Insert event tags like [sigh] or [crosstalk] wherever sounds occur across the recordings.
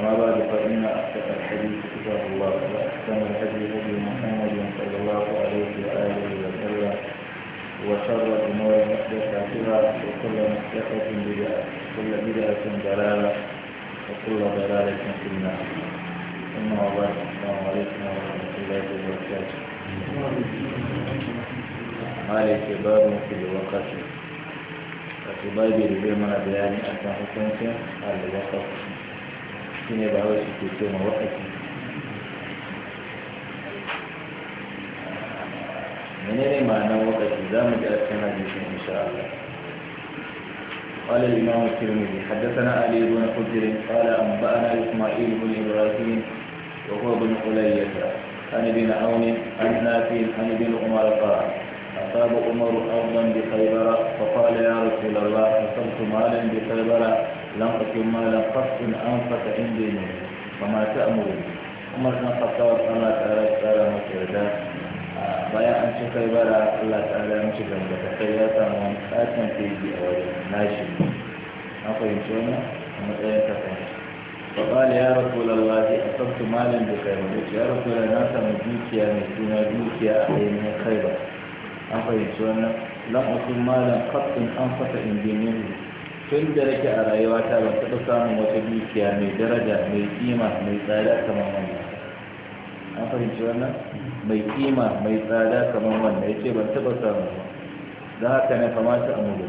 أما بعد فإن أحسن الحديث كتاب الله وأحسن الهدي هدي محمد صلى الله عليه وآله وسلم وشر الأمور محدثاتها وكل محدثة بدعة وكل بدعة ضلالة وكل ضلالة في النار ثم وبعد السلام عليكم ورحمة الله وبركاته مالك باب في الوقت وفي باب بما بيان أن حكمته الوقت shi ne ba wai ke ce ma wa'azi menene ma'anar wa'azi za mu ji a cikin hadisin insha Allah قال الإمام الترمذي حدثنا علي بن حجر قال أنبأنا إسماعيل بن إبراهيم وهو بن حلية عن ابن عون عن نافع عن ابن عمر قال أصاب عمر أرضا بخيبر فقال يا رسول الله أصبت مالا بخيبر لم لنقص ما لنقص أنقص عندنا وما تأمر أما تنقص الله تعالى تعالى مسجدا بايا أن شكر بلا الله تعالى مسجدا بتخيرات من آتن في دي أولا ناشي أقول إن شاء الله أما تأين فقال يا رسول الله أصبت مالا بخير يا رسول الله ناسا مجيك يا مجيك يا مجيك يا من خيبة أقول إن شاء لم أصب مالا قط أنقص عندنا tun da nake a rayuwata ban taɓa samun wata dukiya mai daraja mai kima mai tsada kamar wannan an fahimci wannan mai kima mai tsada kamar wannan ya ce ban taɓa samun ba Za ka na kamata a mulu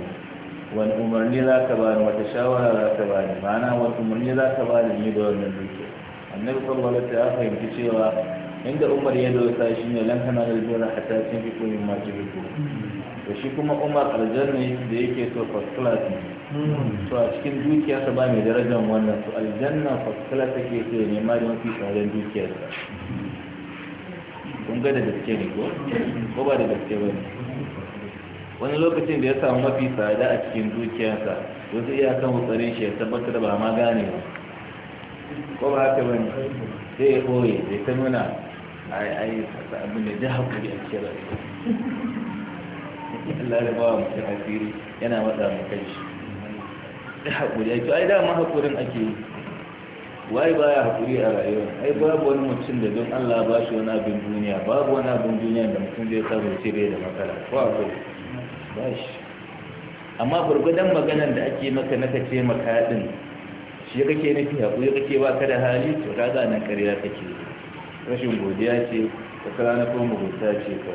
wani umarni za ka ni wata shawara za ka ni ma'ana wani umarni za ka ba ni da wannan dukiya annabi sallallahu alaihi ya fahimci cewa inda umar ya dosa shi ne lan kana da jira hatta sun fi kuyin ma jibi shi kuma umar aljanna da yake so first class ne to a cikin dukiyarsa ba mai darajar wannan to aljanna fasila take so ne nema da mafi tsarin dukiyarsa kun ga da gaske ne ko ko ba da gaske ba ne wani lokacin da ya samu mafi tsada a cikin dukiyarsa wasu kan hutsarin shi ya tabbatar ba ma gane ba ko ba haka ba ne sai ya koye da ta nuna a yi abin da jihar kuri a kira [laughs] Allah da ba wa mutum asiri yana matsa mu kai shi da haƙuri ake ai dama haƙurin ake yi ba baya haƙuri a rayuwa ai babu wani mutum da don Allah ba shi wani abin duniya babu wani abin duniya da mutum zai samu zuci bai da matsala ko akwai ba shi amma gurgudan maganar da ake maka na kace maka din shi kake nufi haƙuri kake ba ka da hali to ka ga nan ka kake rashin godiya ce ta kara na kuma mugunta ce ka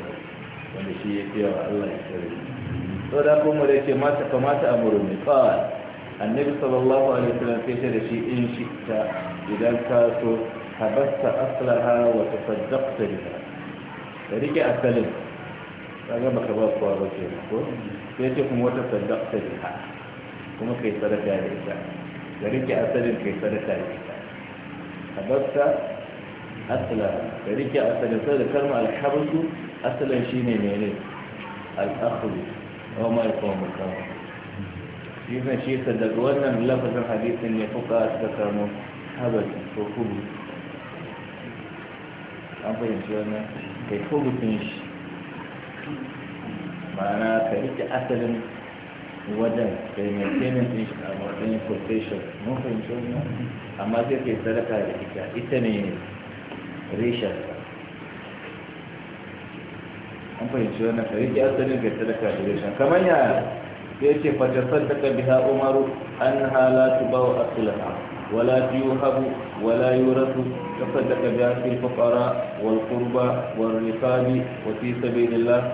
wanda shi ya fiya wa Allah ya tsare. Sau da kuma da ce mata kamata a murumi kawai annabi sallallahu alaihi wasallam sai ta da shi in shitta idan ka so habasta aslaha wa tasaddaqta biha ka rike asalin kaga baka ba kowa ba ke ko sai ce kuma wata saddaqta biha kuma kai sadaka da ita ka rike asalin kai sadaka da ita habasta aslaha ka rike asalin sai da kalma alhabsu asalan shine menene al-akhdhu wa ma yaqamu al shi zan shi sa daga wannan lafazin hadisin ne fuka suka samu habari ko kubu an fahimci wannan kai kubu sun shi ma'ana ka rike asalin wajen kai maintenance din shi a matsayin quotation mun fahimci wannan amma sai kai sadaka da ita ita ne reshen an fahimci wannan ka rike asalin kai sadaka da reshen kamar yaya da yake fatasar ta ka umaru an halatu ba wa asilaha wala biyu habu wala yi rasu ta sanda ka biya fil fakara wal kurba wal rikabi wa fi sabi lila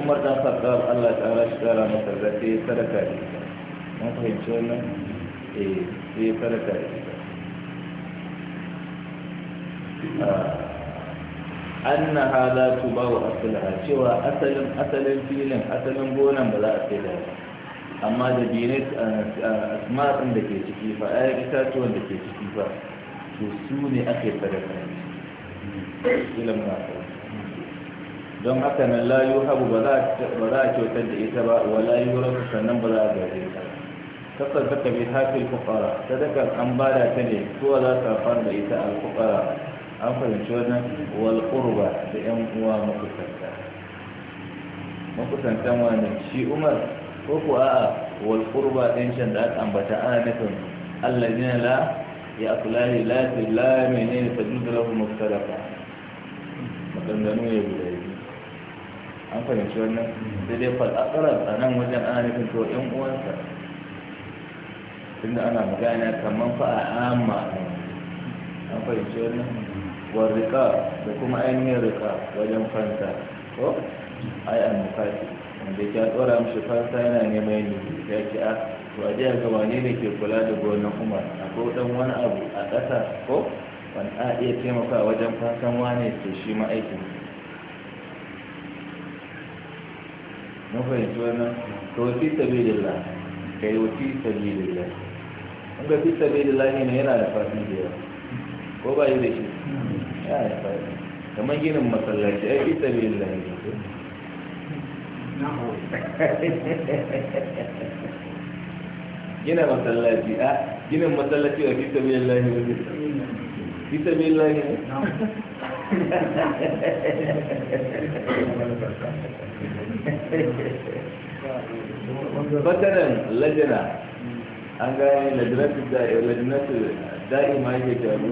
allah ta shi da ta yi sadaka da ita mun fahimci wannan eh, annaha la tubahu asalaha cewa asalin asalin filin asalin gonan ba za a sai da amma da binet a din da ke ciki fa yi itatuwan da ke ciki fa to su ne ake sadaka ilm na don haka nan la yuhabu ba za a kyautar da ita ba wa la yurafu sannan ba za a gaje ta kasar da kabi hafil fuqara sadakar an bada ta ne kowa za ta fara da ita al fuqara an fahimci wannan wal da yan uwa makusanta makusantan wani shi umar ko ku a'a wal qurba din shan da aka ambata ana nufin ne la ya'kulahi la la menene fajudu lahu muftarafa maganganu ya guda biyu an fahimci wannan sai dai fal'akarar a nan wajen ana nufin to yan uwansa tunda ana magana kamar a amma an fahimci wannan warika da kuma ainihin rika wajen fanta ko ai an mukati wanda ya tsora mashi fanta yana neman yin ya ce a ah, to a jiya gaba ne ne ke kula da gonan umar ko dan wani abu a ƙasa ko wani a iya taimaka wajen fansan wane ke shi ma'aikin mun fahimci wannan to fi sabilillah kai fi sabilillah in ga fi sabilillah ne yana da fasi da yawa ko ba yi da shi kamar ginin masallaci ai ita bin lahi gina masallaci a ginin masallaci a fita bin lahi wani fita bin lahi lajina an gani lajinatu da'ima yake jaru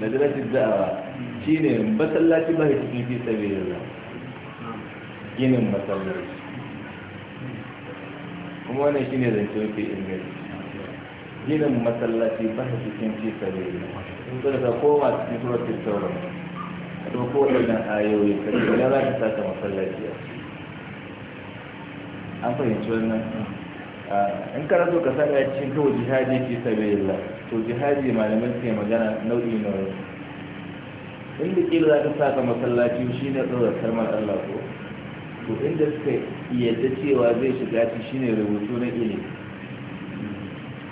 majalisar da'awa shi ne masallaci ba ya cikin fi sabi da za ginin masallaci kuma wannan shi ne zance mafi inganci ginin masallaci ba ya cikin fi sabi da za in kuma ta koma cikin suratun sauran a ɗauko waɗannan ayoyi kashe wani za ka sata masallaci an fahimci wannan Ah, in kana so ka saka ya cikin kawai jihadi ke sabi yalla, to jihadi malaman ke magana nau'i na wani inda kila za ka saka masallaci ne tsoron kalmar Allah ko to inda suka yadda cewa zai shiga shi ne rubutu na ilimi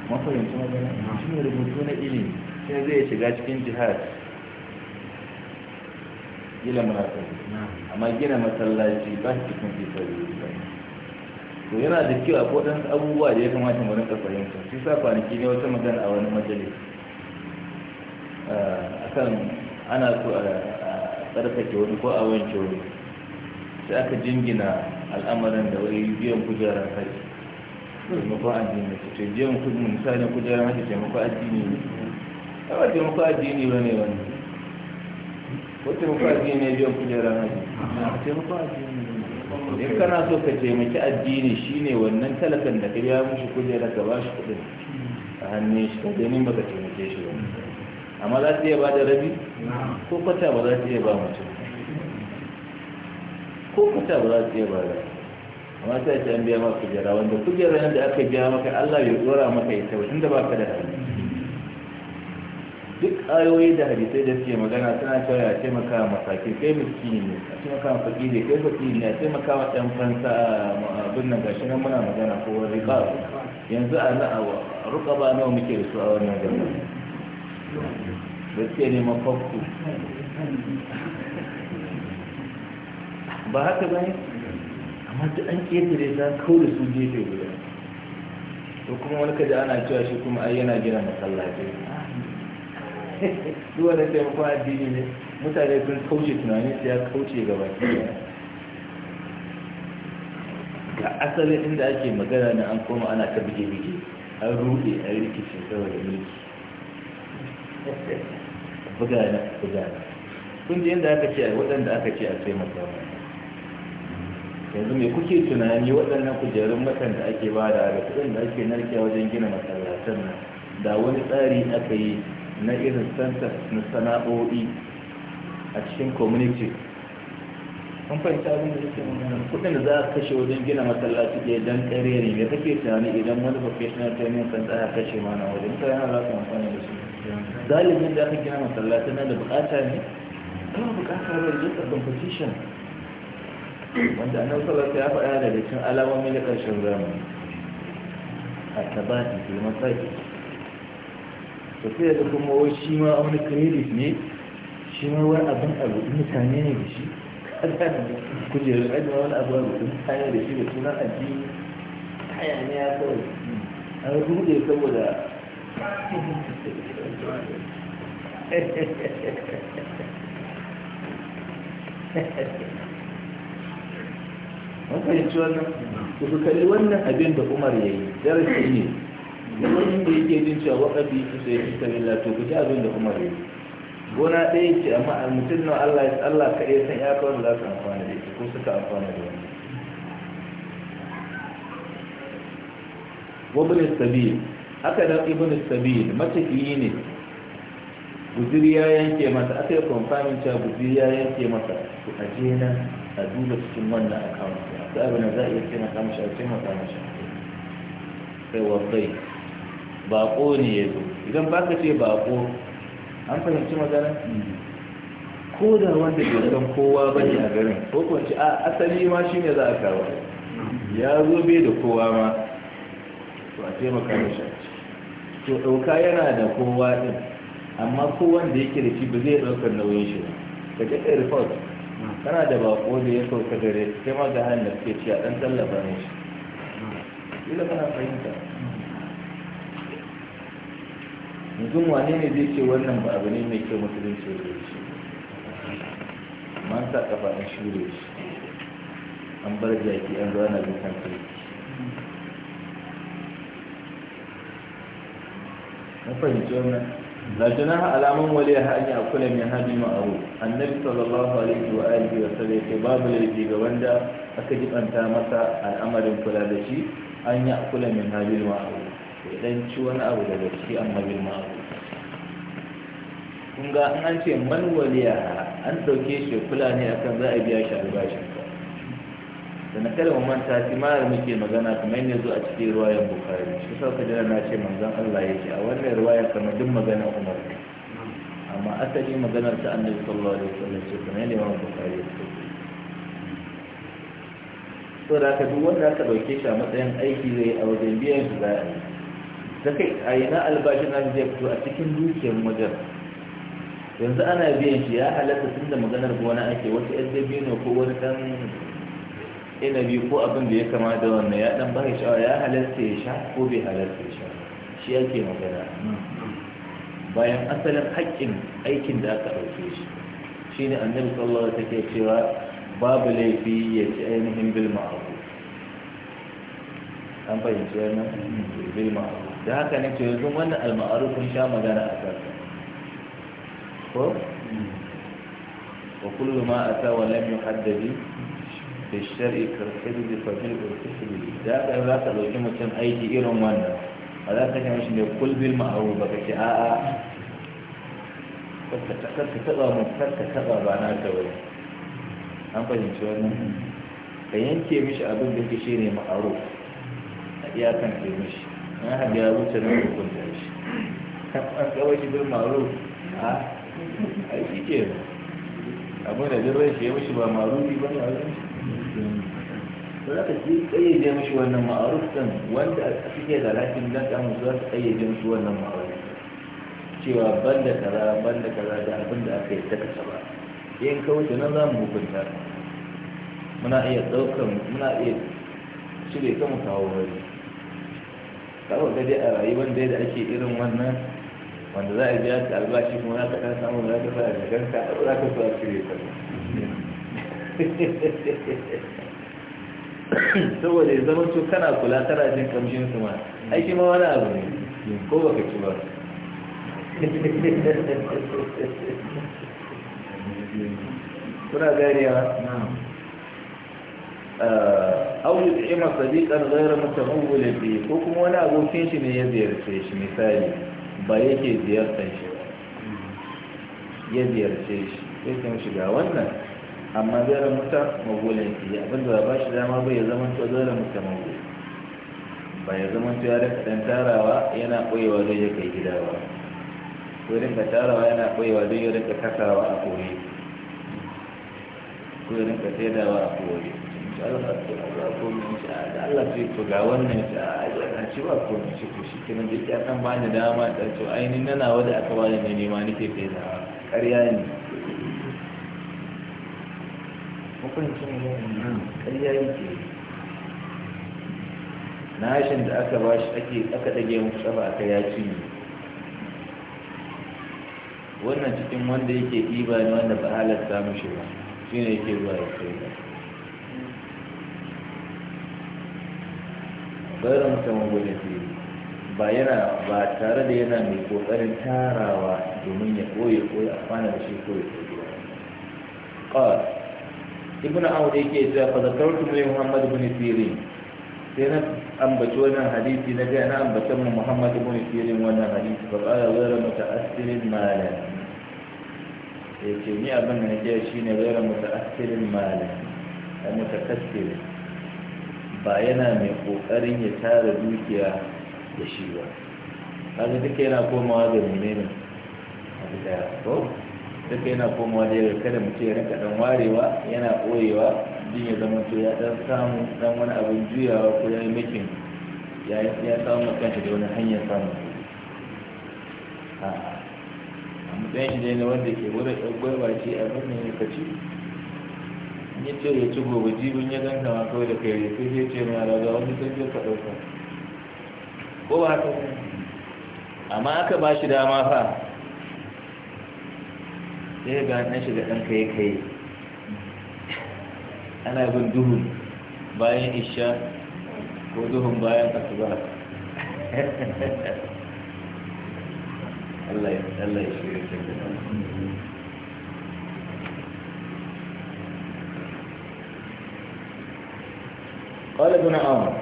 mafahimci magana ne rubutu na ilimi shi zai shiga cikin jihad gina amma gina masallaci ba shi cikin fi sabilillah to yana da kyau a kodan abubuwa da ya kamata mu rinka fahimta shi sa kwanaki ne wata magana a wani majalis eh, akan ana so a tsarkake wani ko a wanke wani sai aka jingina al'amarin da wani biyan kujerar haji taimakon addini su ce biyan kudin misalin kujerar haji taimakon addini ne yawa taimakon addini ba ne wani ko taimakon addini ne biyan kujerar haji taimakon addini ne in kana so ka taimaki addini shine wannan talakan da ka biya mushi kujera ka ba shi kudin a hannun shi ka gani ba ka taimake shi ba amma za ta iya ba da rabi ko kwata ba za ta iya ba mutum ko kwata ba za ta iya ba da amma sai ta an biya maka kujera wanda kujera da aka biya maka Allah bai tsora maka ita ba inda ba ka da hannu ayoyi da hadisai da suke magana suna cewa ya taimaka wa masaki kai miskini ne a taimaka wa fakiri kai fakiri ne a taimaka wa ɗan fansa abin nan gashi nan muna magana ko wani ba yanzu a na awa ruka ba nawa muke da su a wannan gaba gaske ne neman fakku ba haka ba ne amma duk an ƙetare ta kawo da su gefe guda to kuma wani kaji ana cewa shi kuma ai yana gina masallaci duwa da sai mafi addini ne mutane sun kauce tunanin su ya kauce ga baki ga asalin inda ake magana na an koma ana ta bige-bige an rude an sama saboda mulki buga na buga na kun ji yadda aka ce a waɗanda aka ce a sai masawa yanzu mai kuke tunani waɗannan kujerun matan da ake ba da kuɗin da ake narkewa wajen gina masallatan nan da wani tsari aka yi na irin center na sana'o'i a cikin community kun fahimta abin da yake magana kudin da za a kashe wajen gina masallaci ɗaya dan kare ne da kake tunani idan wani professional training kan tsaya kashe mana wajen ta yana za amfani da su galibin da aka gina masallaci na da bukata ne kuma bukata ba da a competition wanda annan salatu ya faɗa daga cikin alamomi na ƙarshen zamani a tabbatin kilmasaki to sai da kuma wai shi ma wani kredit ne shi ma wani abin abu rudu mutane ne da shi kujerar ajiyar wani abu a rudu mutane da shi da sunan addini hayaniya kawai an rude saboda mun fahimci wannan ku kalli wannan abin da umar ya yi darasi ne kuma inda yake jin cewa waɗanda yake sai fi sabila to ku ci abin da umar yi gona ɗaya ce amma a mutum na allah ya allah ka iya san ya kawai za su amfana da ita ko suka amfana da wani wabin sabi haka da ibn sabi matafiyi ne guziri ya yanke masa aka yi kwamfanin cewa guziri ya yanke masa ku aje nan a duba cikin wannan akawun da abin da za a iya taimaka mashi a taimaka mashi sai wa baƙo ne ya zo idan ba ka ce baƙo an fahimci magana ko da wanda ke san kowa ba ne a garin ko kwanci a asali ma shi ne za a kawo ya zo bai da kowa ma to a taimaka shi to ɗauka yana da kowa ɗin amma ko wanda yake da shi ba zai ɗaukar nauyin shi ba ka je report kana da baƙo da ya sauka dare kai ma ga hannu ke ci a ɗan tallafa ne shi ila kana fahimta mutum wane ne zai ce wannan ba abu ne mai kyau mutumin ya zai ce man sa kafa an shirya shi an bar jaki an zuwa na bin na fahimci wannan lajina ha alamun wale ha anya kula min mai hajji ma'aru annabi sallallahu alaihi wa alihi wa sallam ya babu laifi ga wanda aka jibanta masa al'amarin kula da shi an kula min mai hajji ma'aru ya dan ci wani abu daga ciki amma bil ma'ruf kun ga an ce man waliya an dauke shi kula ne akan za a biya shi albashin ka na kada mu manta shi ma da muke magana kamar yin zo a cikin ruwayan bukari shi sau ka jira na ce manzan Allah ya ce, a wannan ruwayar kama duk magana Umar amma asali maganar ta Annabi sallallahu alaihi wasallam ce kuma yadda Imam bukari ya ce to da ka duk wanda aka dauke shi a matsayin aiki zai a wajen biyan shi za a yi ta kai a yana albashin na zai fito a cikin dukiyar wajen yanzu ana biyan shi ya halatta tun da maganar ko wani ake wata yadda biyu ko wani dan inabi ko abin da ya kama da wannan ya dan bai sha'awa ya halatta ya sha ko bai halatta ya sha shi yake magana bayan asalin haƙƙin aikin da aka ɗauke shi shine annabi sallallahu alaihi wasallam take cewa babu laifi ya ci ainihin bil ma'ruf an fahimci wannan bil ma'ruf da haka ne to yanzu wannan almaru kun sha magana a kansa ko wa kullu ma ata wa lam yuhaddadi fi shar'i ka hiddi fa bil urfi da haka za ka dauki mutum aiki irin wannan ba za ka ce mishi ne kul bil ma'ruf ba ka ce a'a ka taba mu ka taba ba na ta wani an fahimci wannan ka yanke mishi abin da ke shi ne ma'ruf a iyakan ke mishi na haɗe ya wuce na hukunta shi a kawai shi bin maru a a shi ke abin da jin shi ya mishi ba maru ba ne a wurin shi za ka ji ƙayyade mashi wannan ma'aruf ɗin wanda a suke da lafin da ta musu za su ƙayyade mishi wannan ma'aruf cewa ban da kaza ban da kaza da abin da aka yi ta kasa ba in ka wuce nan za mu hukunta muna iya ɗaukar muna iya cire kama kawo wani kawai ka dai a rayuwar dai da ake irin wannan wanda za a biya ta albashi kuma za ka ɗan samu za ka fara da ganka a za ka fara cire ka saboda ya zama cewa kana kula tana jin kamshin su ma aiki ma wani abu ne ko ba ka ci ba kuna gariya auyu tsima sadiqan ghayra mutamawwil bi ko kuma wani abokin shi ne ya ziyarce shi misali ba yake ziyartar shi ya ziyarce shi sai kan shiga wannan amma ghayra mutamawwilin shi abin da ba shi dama bai ya zama to ghayra mutamawwil ba ya zama to ya da ɗan tarawa yana koyewa zai ya kai gida ba ko rinka tarawa yana koyewa zai ya rinka kasawa a koyi ko rinka saidawa a koyi a Allah sai to ga wannan ta a ce ba ko ne shi to shi kenan da ya san bani dama da to ainihin nana wanda aka bani ne nema nake kai da ƙarya ne hukuncin mu'min ƙarya yake nashin da aka bashi ake aka dage mu tsaba aka ya cinye wannan cikin wanda yake ɗiba ne wanda ba halatta mushi ba shine yake zuwa ya kai bayar mutum wani fili ba yana ba tare da yana mai kokarin tarawa domin ya koyi koyi a kwana da shi koye koye ba ibn ibnu yake cewa fa zakartu li muhammad ibn sirin sai na ambaci wannan hadisi na ga na ambata mu muhammad ibn sirin wannan hadisi fa qala ghayra muta'assirin malan ce ni abin da nake shine ghayra muta'assirin malan al mutakassirin ba yana mai ƙoƙarin ya tara dukiya da shi ba kaga duka yana komawa da menene abu ko duka yana komawa da kada mutum ya rinka dan warewa yana ɓoyewa jin ya zama to ya dan samu dan wani abin juyawa ko ya yi makin ya samu kanta da wani hanyar samun a matsayin shi ne wanda ke wurin ɗan ba ce abin ne ya kaci ya ce ya ci gobe jibin ya ganka ma kawai da kai sai zai ce ma alaga wani sai zai ka ɗauka ko ba haka amma aka ba shi dama fa sai ga ɗan da ɗan kai kai ana bin duhu bayan isha ko duhun bayan asuba [laughs] Allah ya shirya قال ابن عون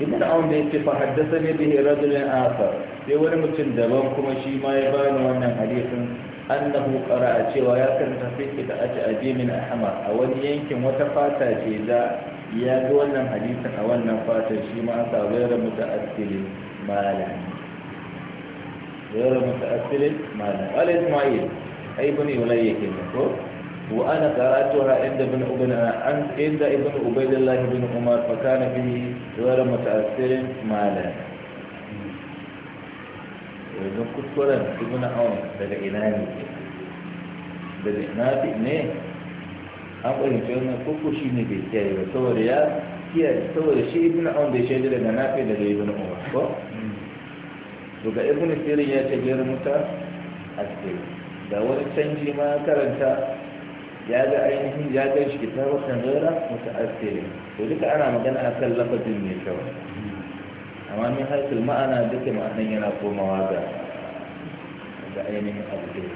ابن عون da yake fa haddathani bihi rajulun akhar sai wani mutum daban kuma shi ma ya bani wannan hadisin annahu a cewa ya karanta fi da aji abi min ahmar a wani yankin wata fata ce da ya ga wannan hadisin a wannan fatan shi ma aka gaira muta'assilin malam gaira muta'assilin malam isma'il ai bani ulayya kenan ko وأنا قرأتها عند ابن ابن عند ابن عبيد الله بن عمر فكان به غير متأثر معنا yanzu kuskuren ibn awon daga ina ne daga ina ne an fahimci wannan koko shi ne bai kiyaye ba saboda ya kiyaye saboda shi ibn awon bai shaida daga nafi daga ibn umar ko to ga ibn sirin ya da wani canji ma karanta زاد أشهي زاد إيش كتابة غيرة متأثرة وذيك أنا ما كان أكل شو أما من حيث الماء أنا ذيك ما أنا جينا أقول مواضع بعيني أبدي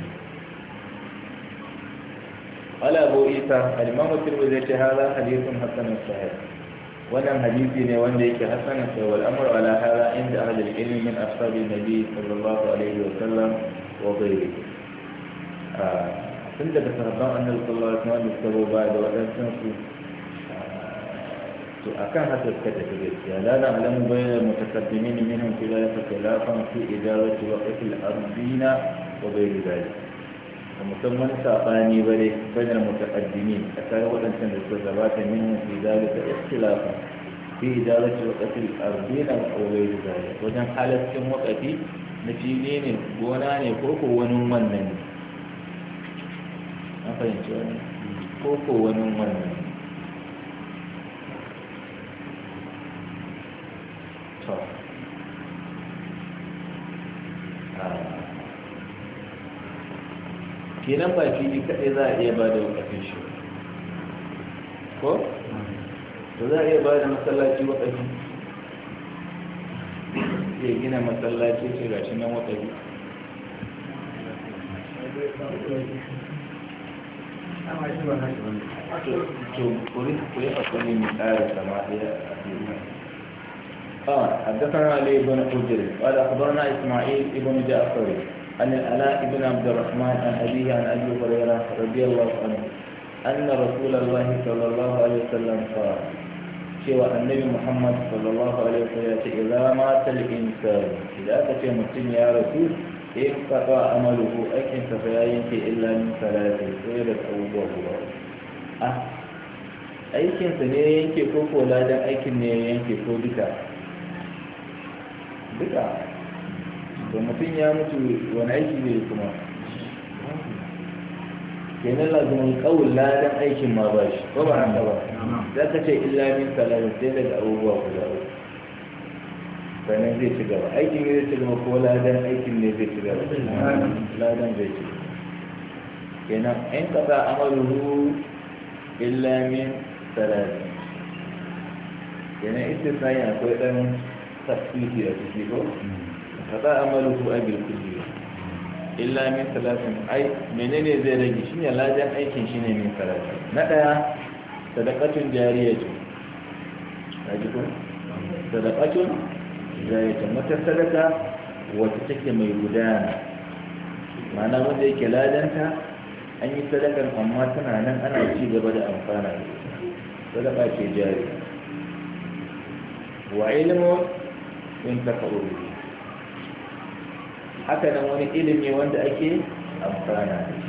قال أبو إيسا الإمام الترمذي هذا حديث حسن صحيح ولم حديثي نيوان ديك حسن والأمر على هذا عند أهل العلم من أصحاب النبي صلى الله عليه وسلم وغيره آه. tun daga sahabban annabi sallallahu alaihi wasallam suka zo baya da wadansu su to akan haka suka tafi gaskiya la na alamu bayan mutakaddimin minhum fi dhalika khilafan fi idarati waqti al-ardina wa ghayr dhalik da musamman sabani bare bayan mutakaddimin akai wadancan da suka gabata minhum fi dhalika ikhtilafan fi idarati waqti al-ardina wa ghayr dhalik wajen halaccin waqti na fili ne gona ne ko ko wani wannan ne na fahimci wani ko ko wani wannan to ah. kenan ba fili kaɗai za a iya ba da wakafin shi ko? to za a iya ba da masallaci wakafi ya gina matsalaci ce ga shi nan wakafi حدثنا علي بن حجر قال أخبرنا إسماعيل بن جعفر عن الألاء بن عبد الرحمن عن أبيه عن أبي هريرة رضي الله عنه أن رسول الله صلى الله عليه وسلم قال سوى النبي محمد صلى الله عليه وسلم اذا مات الانسان اذا insan idan aka ce اقتطع عمله ya yanke إلا من ثلاثة سيدة أبوه abubuwa أه aikin Aikinsa ne ya yanke ko ko ladan aikin ne ya yanke ko duka duka da mutum ya mutu wani aiki ne kuma kenan lazumin kawul ladan aikin ma ba shi ko ba haka ba za ka ce illa min salatin sai daga abubuwa guda uku sannan zai ci gaba aikin ne zai ci gaba ko ladan aikin ne zai ci gaba ladan zai ci kenan in kaza amaluhu illa min salati kenan istisnai akwai dan tafsiri da ciki ko kaza amaluhu abil kulli illa min salatin ai menene zai rage shine ladan aikin shine min salatin na daya sadaqatun jariyatu ajiko ko sadaqatun mujayatan wata sadaka wata take mai gudana Mana wanda yake ladanta an yi sadakar amma tana nan ana ci gaba da amfana da sadaka ke jari wa ilimin in taka uru haka nan wani ilimi wanda ake amfana da shi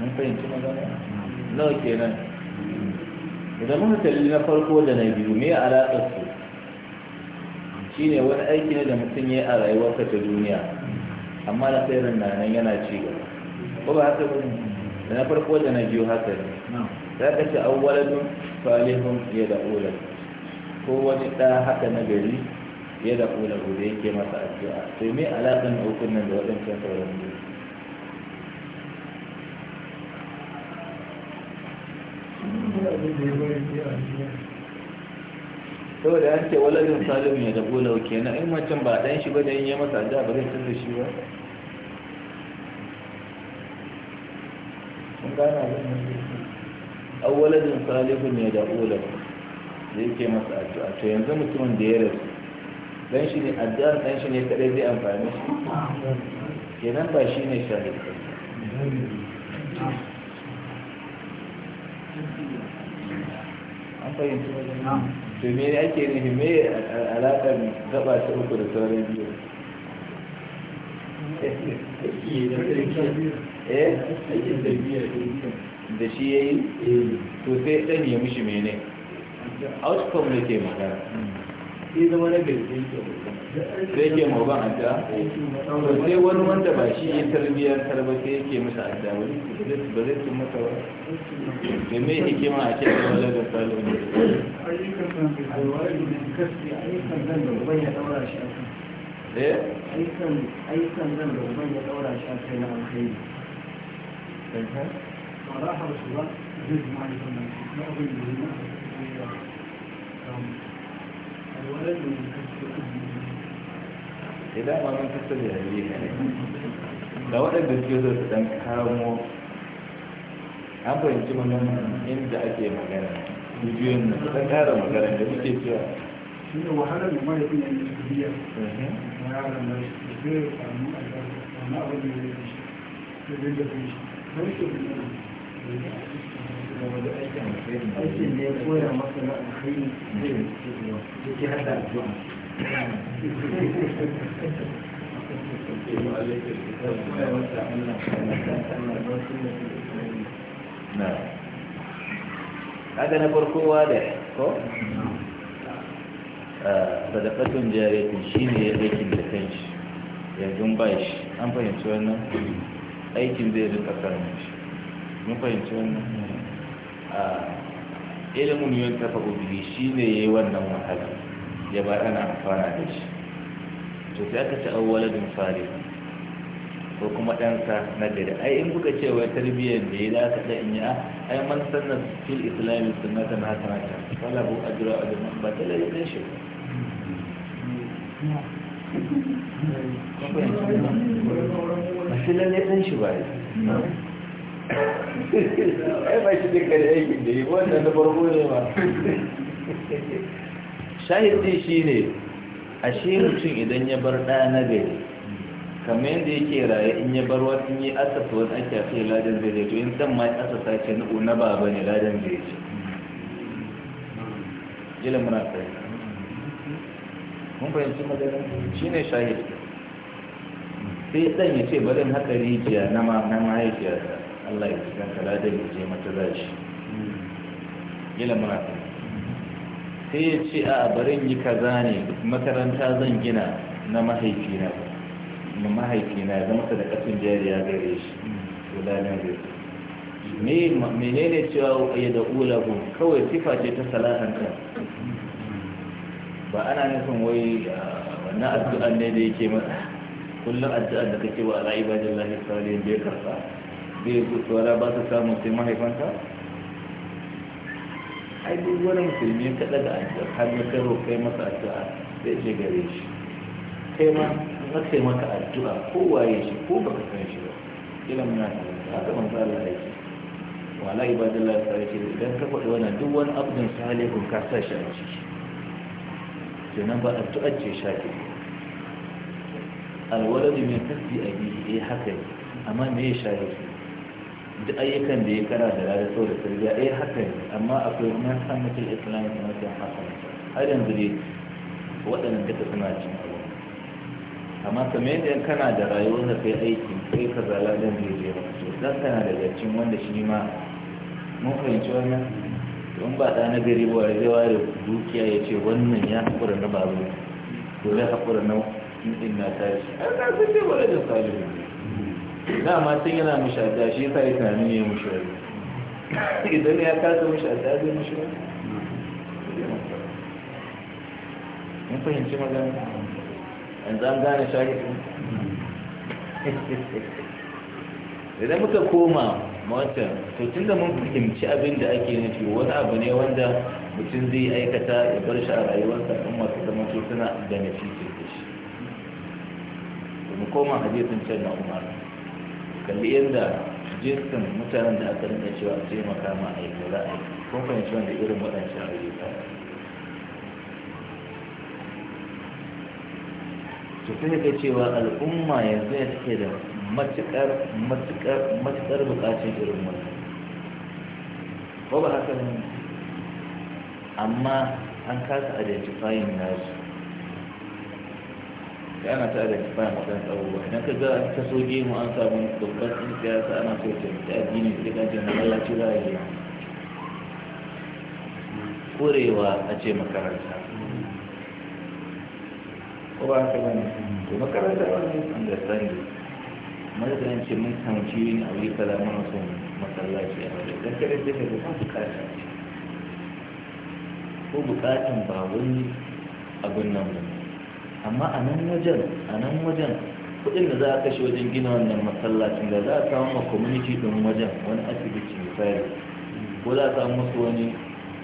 mun fahimci magana nawa kenan idan muka kalli na farko da na biyu me alaƙar su shine wani aiki ne da mutum ya yi a rayuwarsa ta duniya amma na tsayarin na nan yana ci gaba ko ba haka ba? da na farko da na biyu haka ne za ka ce waladun falihun ya da ulan ko wani ɗa haka na gari ya da ulan da yake masa addu'a to me alaƙan hukun nan da waɗancan sauran biyu Thank saboda yanke waladin salim ya da gola wuke na in macen ba dan shi ba da yi masa da ba zai da shi ba sun gana zan an waladin salim ya da gola Zai yake masa addu'a to yanzu mutumin da ya rasu dan shi ne addu'a dan shi ne kadai zai amfani shi kenan ba shi ne shahid an fahimci wajen to me ake nufi me alaƙar gaba ta uku da sauran biyu eh? da shi ya yi eh. to sai ɗan ya mishi mene outcome da ke magana hmm. sai zama na gari sai ke mawa adda to sai wani wanda ba shi ya tarbiyyar tarba sai yake masa adda ba? ba zai cin masa ba da me hikima a cikin eh? wala da salo ne ayyukan zan da ban ya daura shi a kai na alkhairi صراحة رسول الله جزء ما يسمى ما أظن أنه idan eh, ma mun kasar da yayi ne da waɗanda ke so su ɗan karamo. an fahimci magana inda ake magana bidiyon nan ta ƙara magana da muke cewa shi ne wahalar da mara yin yanzu su biya na mhm. yaran da su zai samu a yau amma abin da ya yi shi da zai da shi aikin da ya koya masa na alkhairi ah, shi ne ya aikin da kanshi yanzu ba shi an fahimci wannan aikin zai rika karni mun fahimci wannan Ah, ilimin yin tafa ubiri shi ne ya yi wannan wahala ya ba ana amfana da shi to sai aka ci awwaladin fari ko kuma ɗansa na gari ai in kuka ce wai tarbiyyar da ya za ka ɗan in yi a ah, ai man sanna fil islami sunnata na haka ta wala bu a ajra ba ta lalle ne shi ba shi lalle ɗan shi ba ne ai ba shi aikin da yi wannan farko ne ba shahidi shi ne mutum idan ya bar ɗaya na gari kamar yadda yake raye in ya bar wasu yi asasa wani ake a kai ladan zai to in zan ma asasa ce na ba baba ne ladan zai ce jila muna tsaye mun fahimci maganin shi ne shahidi sai dan ya ce barin haka rijiya na mahaifiyarsa Allah ya fi kanka ladan ya je mata za shi gina muna sai ya ce a barin yi kaza ne makaranta zan gina na mahaifina na mahaifina ya zama da kasin jariya gare shi to ladan zai menene cewa ya da ulahu kawai sifa ce ta salahanta ba ana nufin wai ah, na addu'an ne da yake mata kullum addu'an da kake wa ala lahi salihin bai karfa bai tsora ba su samun sai mahaifanta. ai duk wani musulmi ka daga addu'a har na karo kai masa addu'a zai je gare shi kai ma na kai maka addu'a ko waye shi ko baka san shi ba kila muna tare haka manzo Allah ya ce wala ibadallah ta ce idan ka faɗi wannan duk wani abdin salihun ka sa shi a ciki kenan ba addu'a ce shafi alwalad min kasbi abihi eh haka amma me ya shafi duk ayyukan da ya kara da rada sau da sarja eh haka ne amma akwai na samatar islam da mafi hasan har yanzu dai waɗannan duka suna cin abu amma kamar yadda kana da rayuwar da kai aiki kai ka zala don zai je ba to dan kana da cikin wanda shi ma mun fahimci wannan to in ba da na gari ba zai ware dukiya ya ce wannan ya haƙura na babu to zai haƙura na in na tashi an ka sun ce wala da salihu dama tun yana mushadda shi sa ya tunani ne mushari idan ya kasa mushadda zai mushari in fahimci magana yanzu an gane shari'in idan muka koma wancan to tun da mun fahimci abin da ake nufi wani abu ne wanda mutum zai aikata ya bar shi a rayuwarsa in masu zama suna da nufi ce da shi mu koma hadisin can na umar kalli yadda jinsin mutanen da aka rinka cewa a taimaka ma a yi kula a yi kun fahimci irin waɗancan ayyuka to sai ka cewa al'umma yanzu ya take da matuƙar matuƙar matuƙar buƙacin irin wannan ko ba haka ne amma an kasa identifying nasu da ana ta da bayan waɗansu abubuwa idan ka ga ta so gemu an samu babban ɗin siyasa ana so ta ta addini da kan na lalace za a yi korewa a ce makaranta ko ba ka gani ne to makaranta ba ne mai da ce mun samci yin abu yi kala mana son masallaci a wajen don kada da ka ga bukata ko bukatan ba wani abin nan ba amma a nan wajen a nan wajen kudin da za a kashe wajen gina wannan masallacin da za a samu ma community din wajen wani asibiti misali ko za a samu musu wani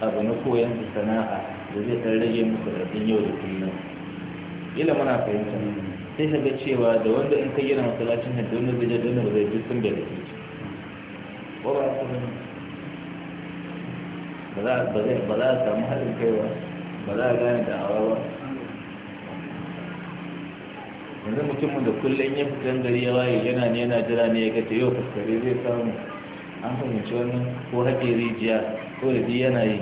abu na koyon sana'a da zai ɗan rage musu ɗin yau da kullum ila muna fahimta sai ka ga cewa da wanda in ka gina masallacin da wanda zai je wanda zai bi sun da rikici ko ba ba za a samu haɗin kai ba ba za a gane da awa ba yanzu mutumin da kullum ya fitan gari ya waye yana ne yana jira ne ya gace yau fuskare zai samu an fahimci wannan ko haƙe rijiya ko da yana yi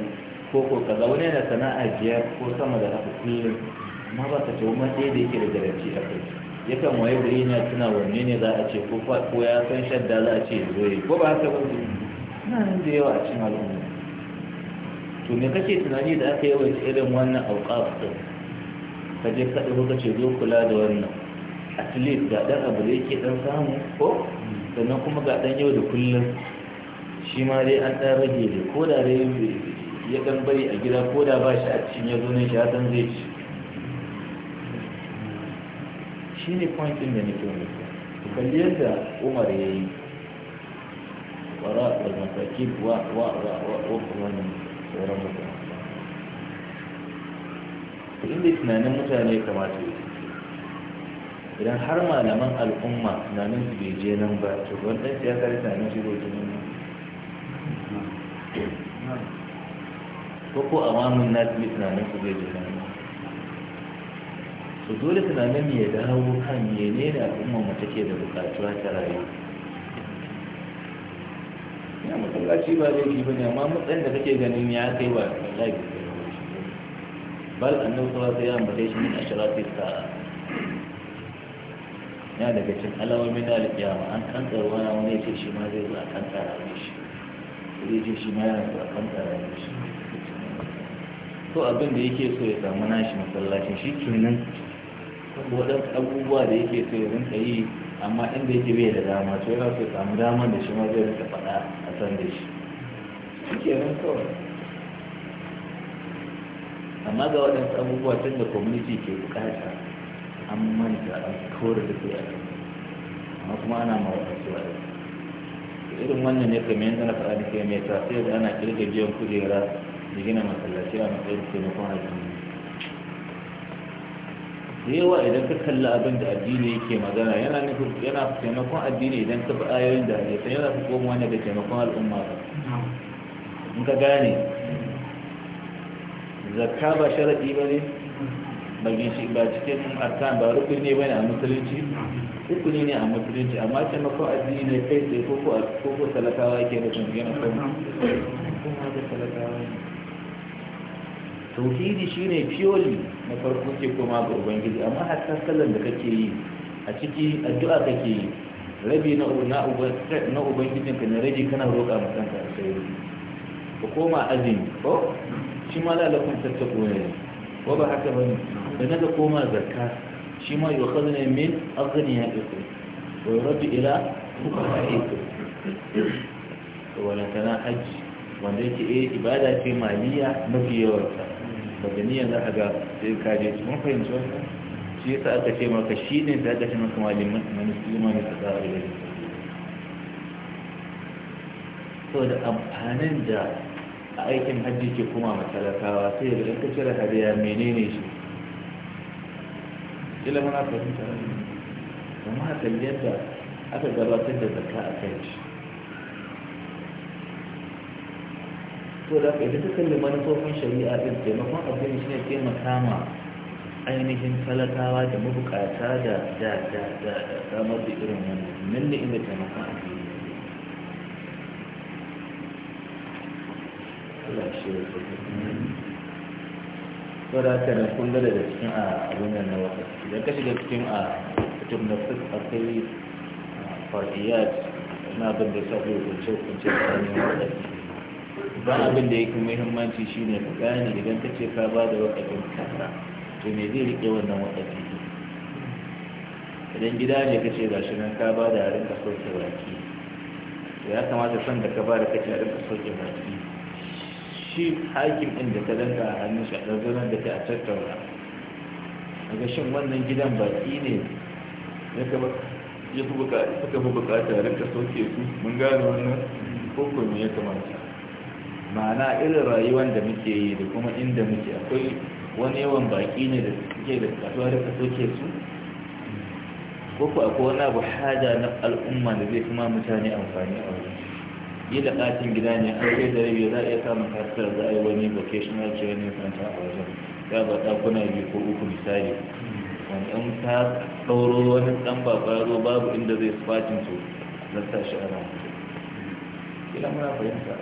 ko ko kaza wani yana sana'a biyar ko sama da haka kullum amma ba ka ce wani ɗaya da yake da garanci a kai yakan waye gari yana tuna wanne ne za a ce ko ya san shadda za a ce ya zo yi ko ba haka ba na nan da yawa a cikin al'umma to me kake tunani da aka yawan irin wannan auƙaf ka je kaɗa ko ka ce zo kula da wannan atlet ga dan abu da yake dan samu ko sannan kuma ga ɗan yau da kullum shi ma dai an dan rage da ko da dai ya dan bari a gida ko da ba shi a cikin ya zo ne shi hasan zai ci shi ne point da nake yi to kalli yadda umar ya yi wara da mataki wa wa wa wa wa wa ne wa mutane wa tunanin mutane kamata wa idan har malaman al'umma na nan bai je nan ba to ban ɗan siyasa ya sami shi rotu ne ko ko awamin na su tunanin su bai je nan ba su dole tunanin ya dawo kan menene al'umma mu take da bukatuwa ta rayuwa ya masallaci ba laifi ba ne amma matsayin da kake ganin ya kai ba laifi bal annabi sallallahu alaihi wasallam bai shi ne a asharati sa'a na daga cikin alamomin na alƙiyama an kankara wani wani ya ce shi ma zai zo a kankara ne shi zai ce shi ma yana zo a kankara ne shi ko abin da yake so ya samu nashi masallacin shi kenan ko abubuwa da yake so ya rinka yi amma inda yake bai da dama to yana so ya samu dama da shi ma zai rinka faɗa a san da shi shi kenan kawai amma ga waɗansu abubuwa tun da community ke bukata an manta an kore da su amma kuma ana ma wasu wa irin wannan ne kamar yanzu na faɗa da ke mai ta sai da ana kirga biyan kujera da gina masallaci a matsayin taimakon addini da yawa idan ka kalli abin da addini yake magana yana nufin yana taimakon addini idan ka bi ayoyin da ya yana fi komo wani da taimakon al'umma ba in ka gane zakka ba sharaɗi ba ne ba shi ba cikin arkan ba rukuni ne bane a musulunci rukuni ne a musulunci amma taimakon addini ne kai tsaye ko ko talakawa ke da kan na kan tauhidi ne fiyoli na farko ke koma ga ubangiji amma hatta sallan da kake yi a ciki addu'a kake yi rabi na ubangijin ka na rage kana roƙa ma kanka sai ka koma azumi ko shi ma la lakum ne ko ba haka ba ne. da na ga koma zakka shi ma yau kazu ne min azgani ya ɗauko wai rabu ila fukara iko wala tana hajji wanda yake eh ibada ce maliya mafi yawarsa daga niyan za a ga sai ka je mun fahimci wannan shi yasa aka ce maka shi ne da aka ce maka malamin musulma ne ta tsara da so da amfanin da a aikin hajji ke kuma matalakawa sai da ka cire hadiya menene shi kila muna fahimta amma kan yadda aka gabatar da zakka a kan shi to da kai duka kalli manufofin shari'a din taimakon addini shine taimaka ma ainihin talakawa da mabukata da da da da samar da irin wannan nan ne inda taimakon addini Allah shi ya so ta da kula da cikin a ah, abin na wata idan ka shiga cikin a ah, fitin na fit kai ah, far'iyyat na abin da sa shafi kunce kunce a wani wata ba abin da ya fi muhimmanci ne ka gane idan ka ce ka ba da kan kasa to me zai rike wannan wakafi idan gida ne ka ce gashi nan ka ba da harin ka sauke baki ya kamata son da ka ba da kacin harin ka sauke baki shi hakim ɗin da ta danta a hannun shi a ɗarɗarar da ta a tattauna daga shin wannan gidan baƙi ne ya suka fi bukata rinka soke su mun gano wannan hukun ya kamata ma'ana irin rayuwar da muke yi da kuma inda muke akwai wani yawan baƙi ne da suke da kasuwa da soke su ko ku akwai wani abu hada na al'umma da zai kuma mutane amfani a wani yi da katin gida ne a yi da rabi za a iya samun kasar za a yi wani vocational training center a wajen ya ba ta ɗakuna biyu ko uku misali wani ɗan ta sauro wani ɗan babaro babu inda zai spacin su zata shi a nan kila muna fahimta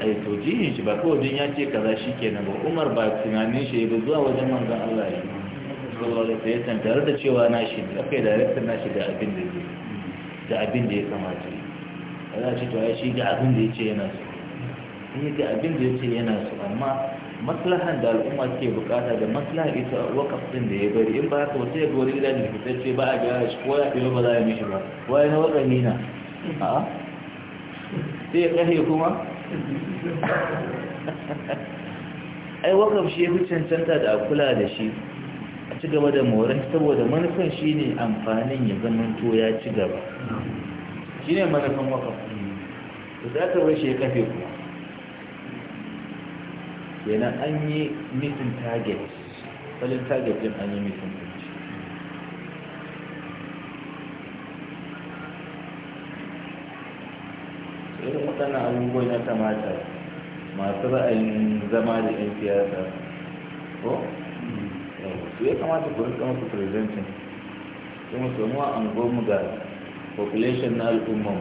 a yi taujihin shi ba kawai jin ya ce kaza shi kenan ba umar ba tunanin shi ba zuwa wajen manzan allah ya yi sallallahu alaihi sayi tare da cewa nashi ne akai director nashi da abin da yake da abin da ya kamata yana ce to ya shi ga abin da ya ce yana so in ga abin da ya ce yana so amma maslahan da al'umma ke bukata da maslaha ita wakaf din da ya bari in ba haka ba sai ga wani gidan da ce ba a gyara shi ko ya fi ba za a yi mishi ba wai na wakani na a sai ya kashe kuma [laughs] ai wakaf shi ya fi cancanta da a kula da shi a ci gaba da moran saboda manufan shi ne amfanin ya zama to ya ci gaba shi ne manufan wakaf da za ka shi ya kafe kuma kenan an yi mitin target wajen target din an yi mitin irin waɗannan abubuwa na kamata masu ra'ayin zama da 'yan siyasa ko su mm. ya kamata ku rinka masu presenting kuma su mu a unguwarmu ga population na al'umman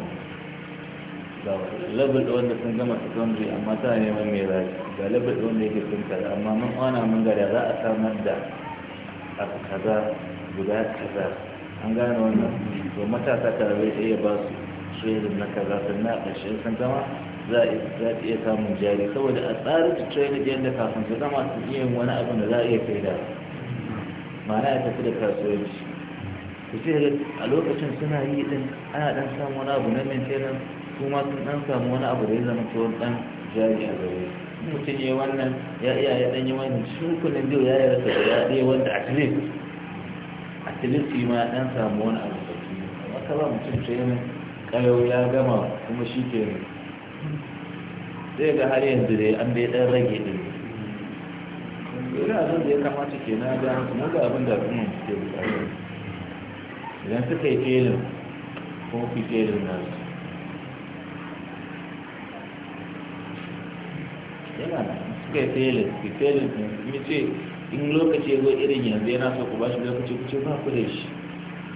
ga level da wanda sun gama secondary amma ta neman mai rai ga level da wanda yake sun kaza amma mun auna mun gada za a samar da abu kaza guda kaza an gane wannan to matasa tare da iya ba su training na kaza sannan a ƙarshen sun gama za a iya samun jari saboda a tsarin su training yadda kafin su gama su iya wani abin da za a iya kai da ma'ana ya tafi da kasuwanci to sai a lokacin suna yi din ana dan samu wani abu na maintenance su ma sun dan samu wani abu da ya zama tuwon dan jari a gare mutum ya wannan ya iya ya dan yi wani shukunin biyu ya yi rasa da ya ɗaya wanda a least shi ma dan samu wani abu da kuma maka ba mutum ne kayo ya gama kuma shi ke sai ga har yanzu dai an bai dan rage din yanzu abin da ya kamata ke na ga mu ga abin da kuma ke bukata idan suka yi felin ko fi felin nasu yana da suka yi felin fi felin ne ce in lokaci zo irin yanzu yana so ku ba shi lokaci ku ce ba ku da shi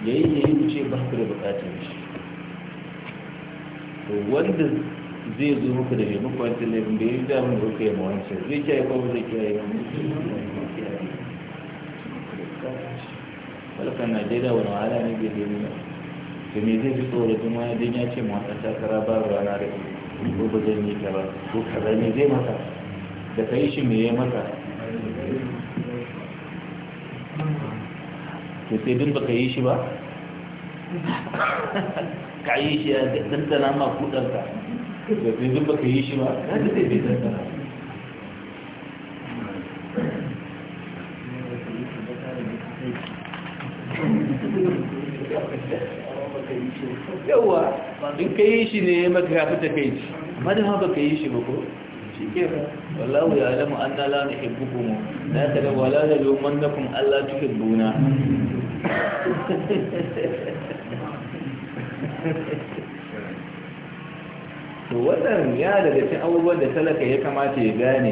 yayi yayi ku ce ba ku da bukatar shi to wanda zai zo muku da mai muku wancan da ya yi da kuka yi ma wancan zai kiyaye ko ba zai kiyaye ba talakan da wani wahala ne bai dai nuna to me zai fi tsoron wani don ya ce wata takara ba na da ko ba zai nika ba ko kaza me zai maka da ka yi shi me ya maka to sai din baka yi shi ba ka yi shi a dandana ma kudanka to sai din baka yi shi ba ka zai bai dandana in ka yi shi ne maka yafi ta kai ci madama ba ka yi shi ba ko shi ke ba wallahu ya alamu an nala na hibbuku mu na ta ga wala da lomar na kun allah tu hibbuna to wannan ya daga cikin abubuwan da talaka ya kamata ya gane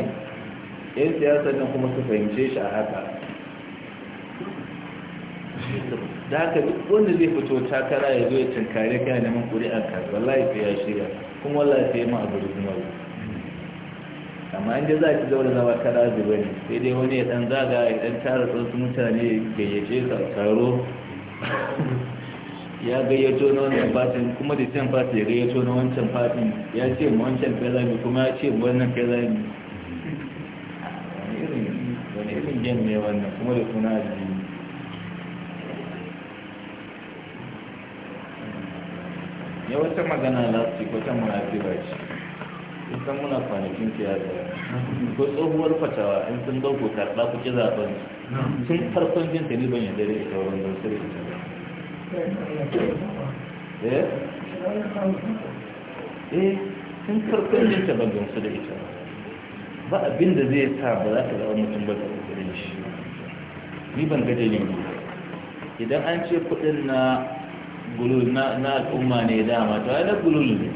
yan siyasar nan kuma su fahimce shi a haka da haka duk wanda zai fito takara ya zo ya tunkare ka neman ƙuri'a ka wallahi sai ya shirya kuma wallahi sai ma abu da kuma amma inda za a ci zaune zama kara zuba ne sai dai wani ya ɗan zaga ya ɗan tara wasu mutane gayyace ka taro ya gayyato na wannan fatin kuma da can fatin ya gayyato na wancan fatin ya ce mu wancan fezami kuma ya ce mu wannan fezami wani irin gem ne wannan kuma da kuna ajiye wata magana na su ce kwatan munafi ba shi in san muna kwanakin siyasa ko tsohuwar fatawa in sun dauko karɓa ku ki zaɓen sun farkon jin ta ni ban yadda da ita wurin don sirri ta ba eh eh sun farkon jin ta ban don su da ita ba abin da zai sa ba za ta zaɓa mutum ba da ƙoƙarin shi ni ban ga dalilin idan an ce kuɗin na gulul na al'umma ne dama ta ai da gulul ne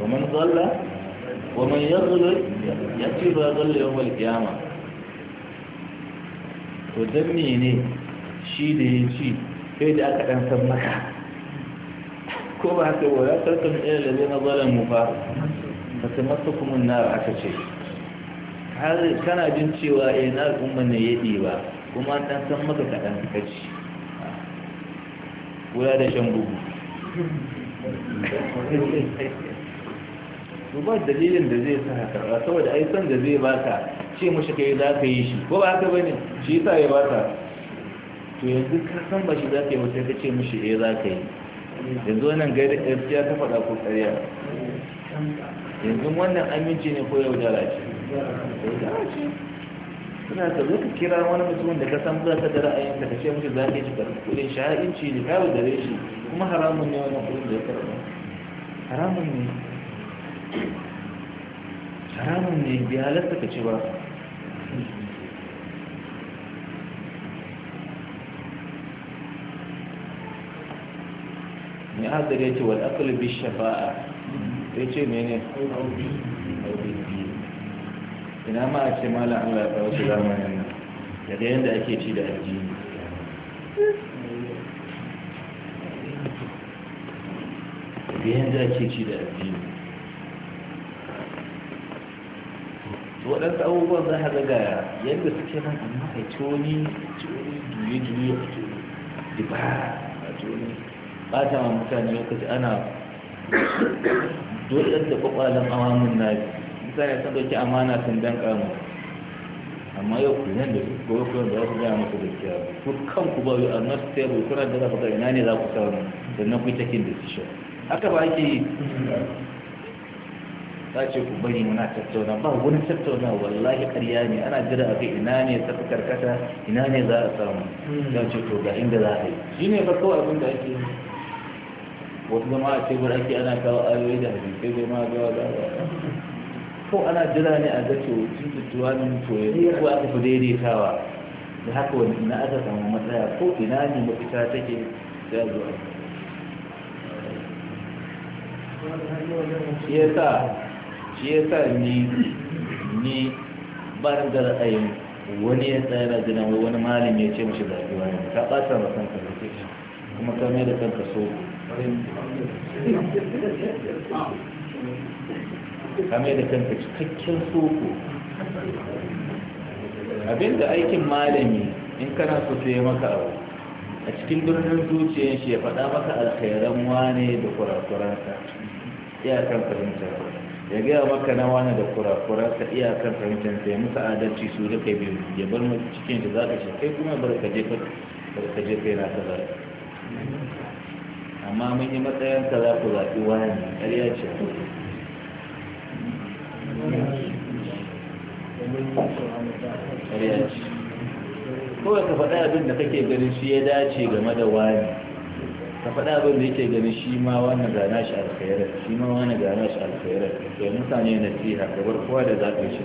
wa man dhalla wa man yadhlul yati ba dhalla yawm al-qiyamah to dan ne shi da ya ci sai da aka ɗan san maka ko ba haka wa ya tarkan ila Ba zalamu fa fatamassakum an-nar aka ce kana jin cewa yana eh, na al'umma ne ya ba kuma an dan san maka kadan kaci kula da shan bugu to ba dalilin da zai sa haka ba saboda ai san da zai baka ce mushi kai za ka yi shi ko ba haka bane shi yasa ya baka to yanzu ka san ba shi za ka yi wata ka ce mushi eh za ka yi yanzu wannan gaida gaskiya ta faɗa ko ƙarya yanzu wannan aminci ne ko ce yaudara ce suna da zuka kira wani mutumin da ka san za ka da ra'ayinka ka ce mutu za ka cikar kudin sha'inci da kawo gare kuma haramun ne wani kudin da ya karɓa haramun ne haramun ne bi halatta ka ba mai hadari ya ce wal bi shafa'a ya ce mene ina ma a ce mala Allah ya kawo shi zamanin nan daga yadda ake ci da addini daga yadda ake ci da addini waɗansu abubuwan za a zaga yadda suke nan amma a toni toni juye-juye a toni ba a toni ta ma mutane lokaci ana dole da kwakwalen awamun nabi misali sun ɗauki amana sun dan ƙamu amma yau ku nan da gobe ku da wasu gaya musu gaskiya ku kanku ba you are not ku kuna da za ku ina ne za ku samu sannan ku yi kin decision haka ba ki yi ta ce ku bari muna tattauna ba wani tattauna wallahi karya ne ana jira a kai ina ne ta karkata ina ne za a samu ta ce to ga inda za a yi shi ne ba kawai abin da ake wasu zama a tebur ake ana kawo ayoyi da hadisai zai ma zuwa ba ko ana jira ne a gato cututtuwa ne to ko aka fi daidaitawa da haka wani ina aka samu matsaya ko ina ne mafita take da a shi shi ya sa ni ni ban da ra'ayin wani ya tsaya na jina wai wani malami ya ce mashi zaɓiwa ne ka ɓata ma kanka da ke kuma ka mai da kanka so kame da kanta cikakken soko abinda aikin malami in kana so sai maka abu a cikin birnin zuciyar shi ya faɗa maka alkhairan wane da kurakuransa iyakan fahimtar ya gaya maka na wane da kurakuransa iyakan fahimtar sai musu adalci su kai biyu ya bar mu cikin da za ka kai kuma bar ka je ka je kai na ta zara amma mun yi matsayin ka za ku zaɓi wane ƙarya ce kawai ka faɗa abin da kake ganin shi ya dace game da wani ka faɗa abin da yake ganin shi ma wani gana shi alkhairar shi ma wani gana shi alkhairar to mutane na siya ka bar kowa da zaɓe shi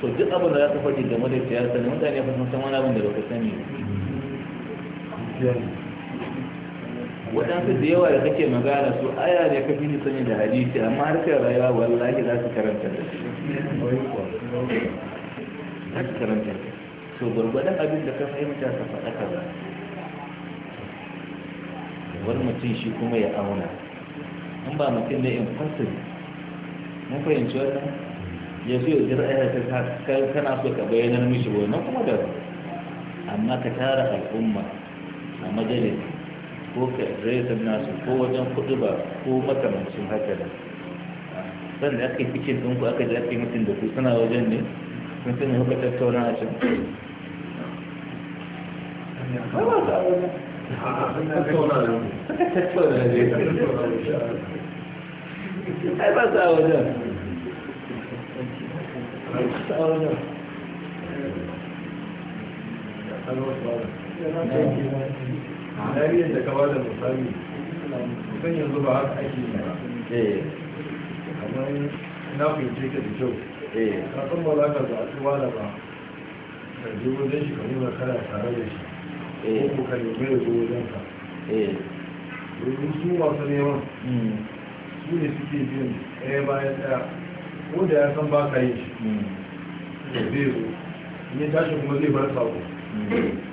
so duk abin da za ka faɗi game da siyasa da mutane ya sun san wani abin da ba ka sani waɗansu da yawa da kake magana su aya ne ka fi sani da hadisi amma kai rayuwa wallahi za su karanta da shi za su karanta da so gwargwadon abin da ka fahimta ka faɗa ka ba wani mutum shi kuma ya auna in ba mutum ne in fasir mun fahimci wannan ya zo ya jira aya ta kana so ka bayyanar mishi wannan kuma da amma ka tara al'umma a majalisa ko ka nasu ko wajen kudu ba ko makamancin haka da sannan aka yi cikin ɗin aka ji ake mutum da ku suna wajen ne mutum ne kuka tattauna a can ai ba wajen Thank you. dariyar da kawa da misali kusan yanzu ba haka ake yi ba kamar eh. na fahimce ka da kyau eh. ka san ba za ka zaɓi wala ba ka je wajen shi ka nuna kana tare da shi eh. ko ka nemi ya zo wajen ka domin su masu neman hmm. su ne suke biyan. ɗaya bayan ɗaya ko da ya san ba ka yi shi hmm. zai zo in ya tashi kuma zai bar sako hmm.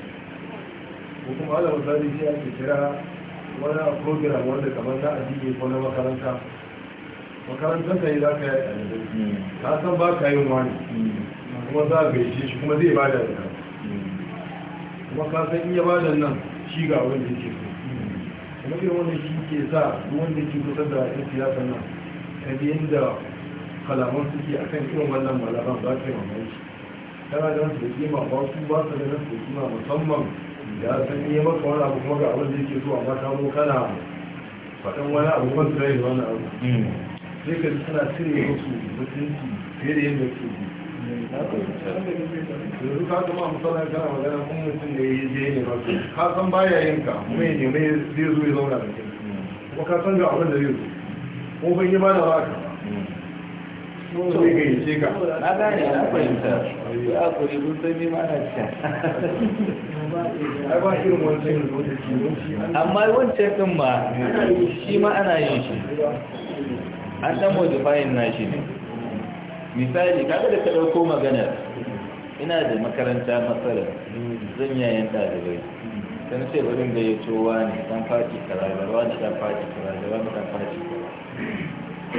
ko kuma ala misali shi ake kira wani program wanda kamar na addini ko na makaranta makarantar ka yi za ka yi ɗalibai ka hmm. san ba ka yin wani hmm. kuma za a gaishe shi kuma zai bada da hmm. kuma ka san iya bada nan shi ga wanda yake so kuma irin wanda shi ke sa wanda ke kusa da yan siyasa nan ta biyan da kalaman suke a kan irin wannan malaman ba ke mamaki tana ganin su da kima ba su ba su ganin su da kima musamman ya san yi maka wani abu kuma ga abin da yake so amma ta mu kana faɗan wani abu masu rai da wani abu hmm. sai ka suna cire musu mutunci fiye da yadda su yi yanzu ka musamman misalin kana magana kun mutum da ya je ne ba ka san baya yin ka kuma ya nemi zai zo ya zauna da kai kuma ka san ga abin da zai zo ko ban yi ba da ba ka ba sai ga yace ka na gane na fahimta ya kuri kun san ni ma [laughs] amma wancan ɗin ma shi ma ana yin shi an ɗan modifayin na shi ne misali kaga da ka ɗauko maganar ina da makaranta matsalar zan yayin ɗalibai sai ce wurin da ya cowa ne ɗan faci karagarwa da ɗan faci karagarwa da ɗan faci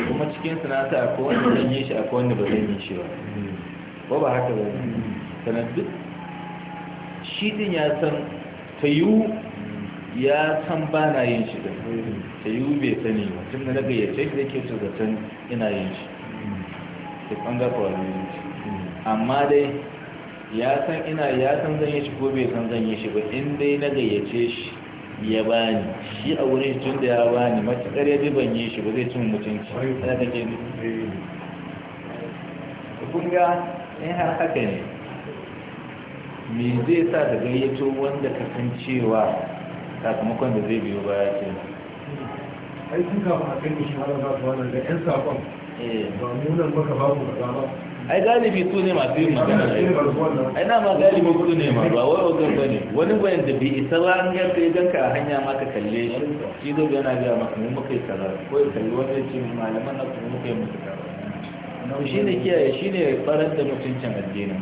kuma cikin sinata akwai wanda zan yi shi akwai wanda ba zan yi shi ba ko ba haka ba sanar duk shi din ya san ta ya san ba na yin shi din ta bai sani tun da daga yace da ke su zaton ina yin shi da ɓanga ko yin shi amma dai ya san ina ya san zan yi shi ko bai san zan yi shi ba in dai na gayyace shi ya bani shi a wurin tun da ya bani matuƙar ya ban yi shi ba zai cin mutunci sai ka ce eh. kun ga in eh, har haka ne me zai sa da gayyato wanda ka san cewa sakamakon da zai biyo baya ke ai sun kafin a kan shi har ba su wannan da yan sakon eh. ba munan maka ba ba ai galibi su ne masu yin magana ai na ma galibi su ne ma ba wai wajen ba ne wani bayan da bi isa ba an yarda idan ka a hanya ma ka kalle shi shi zo yana gaya maka mu muka yi kaza ko ya kalli wani ya ce malaman na kuma muka yi musu kaza shi ne kiyaye shi ne farar da mutuncin addinin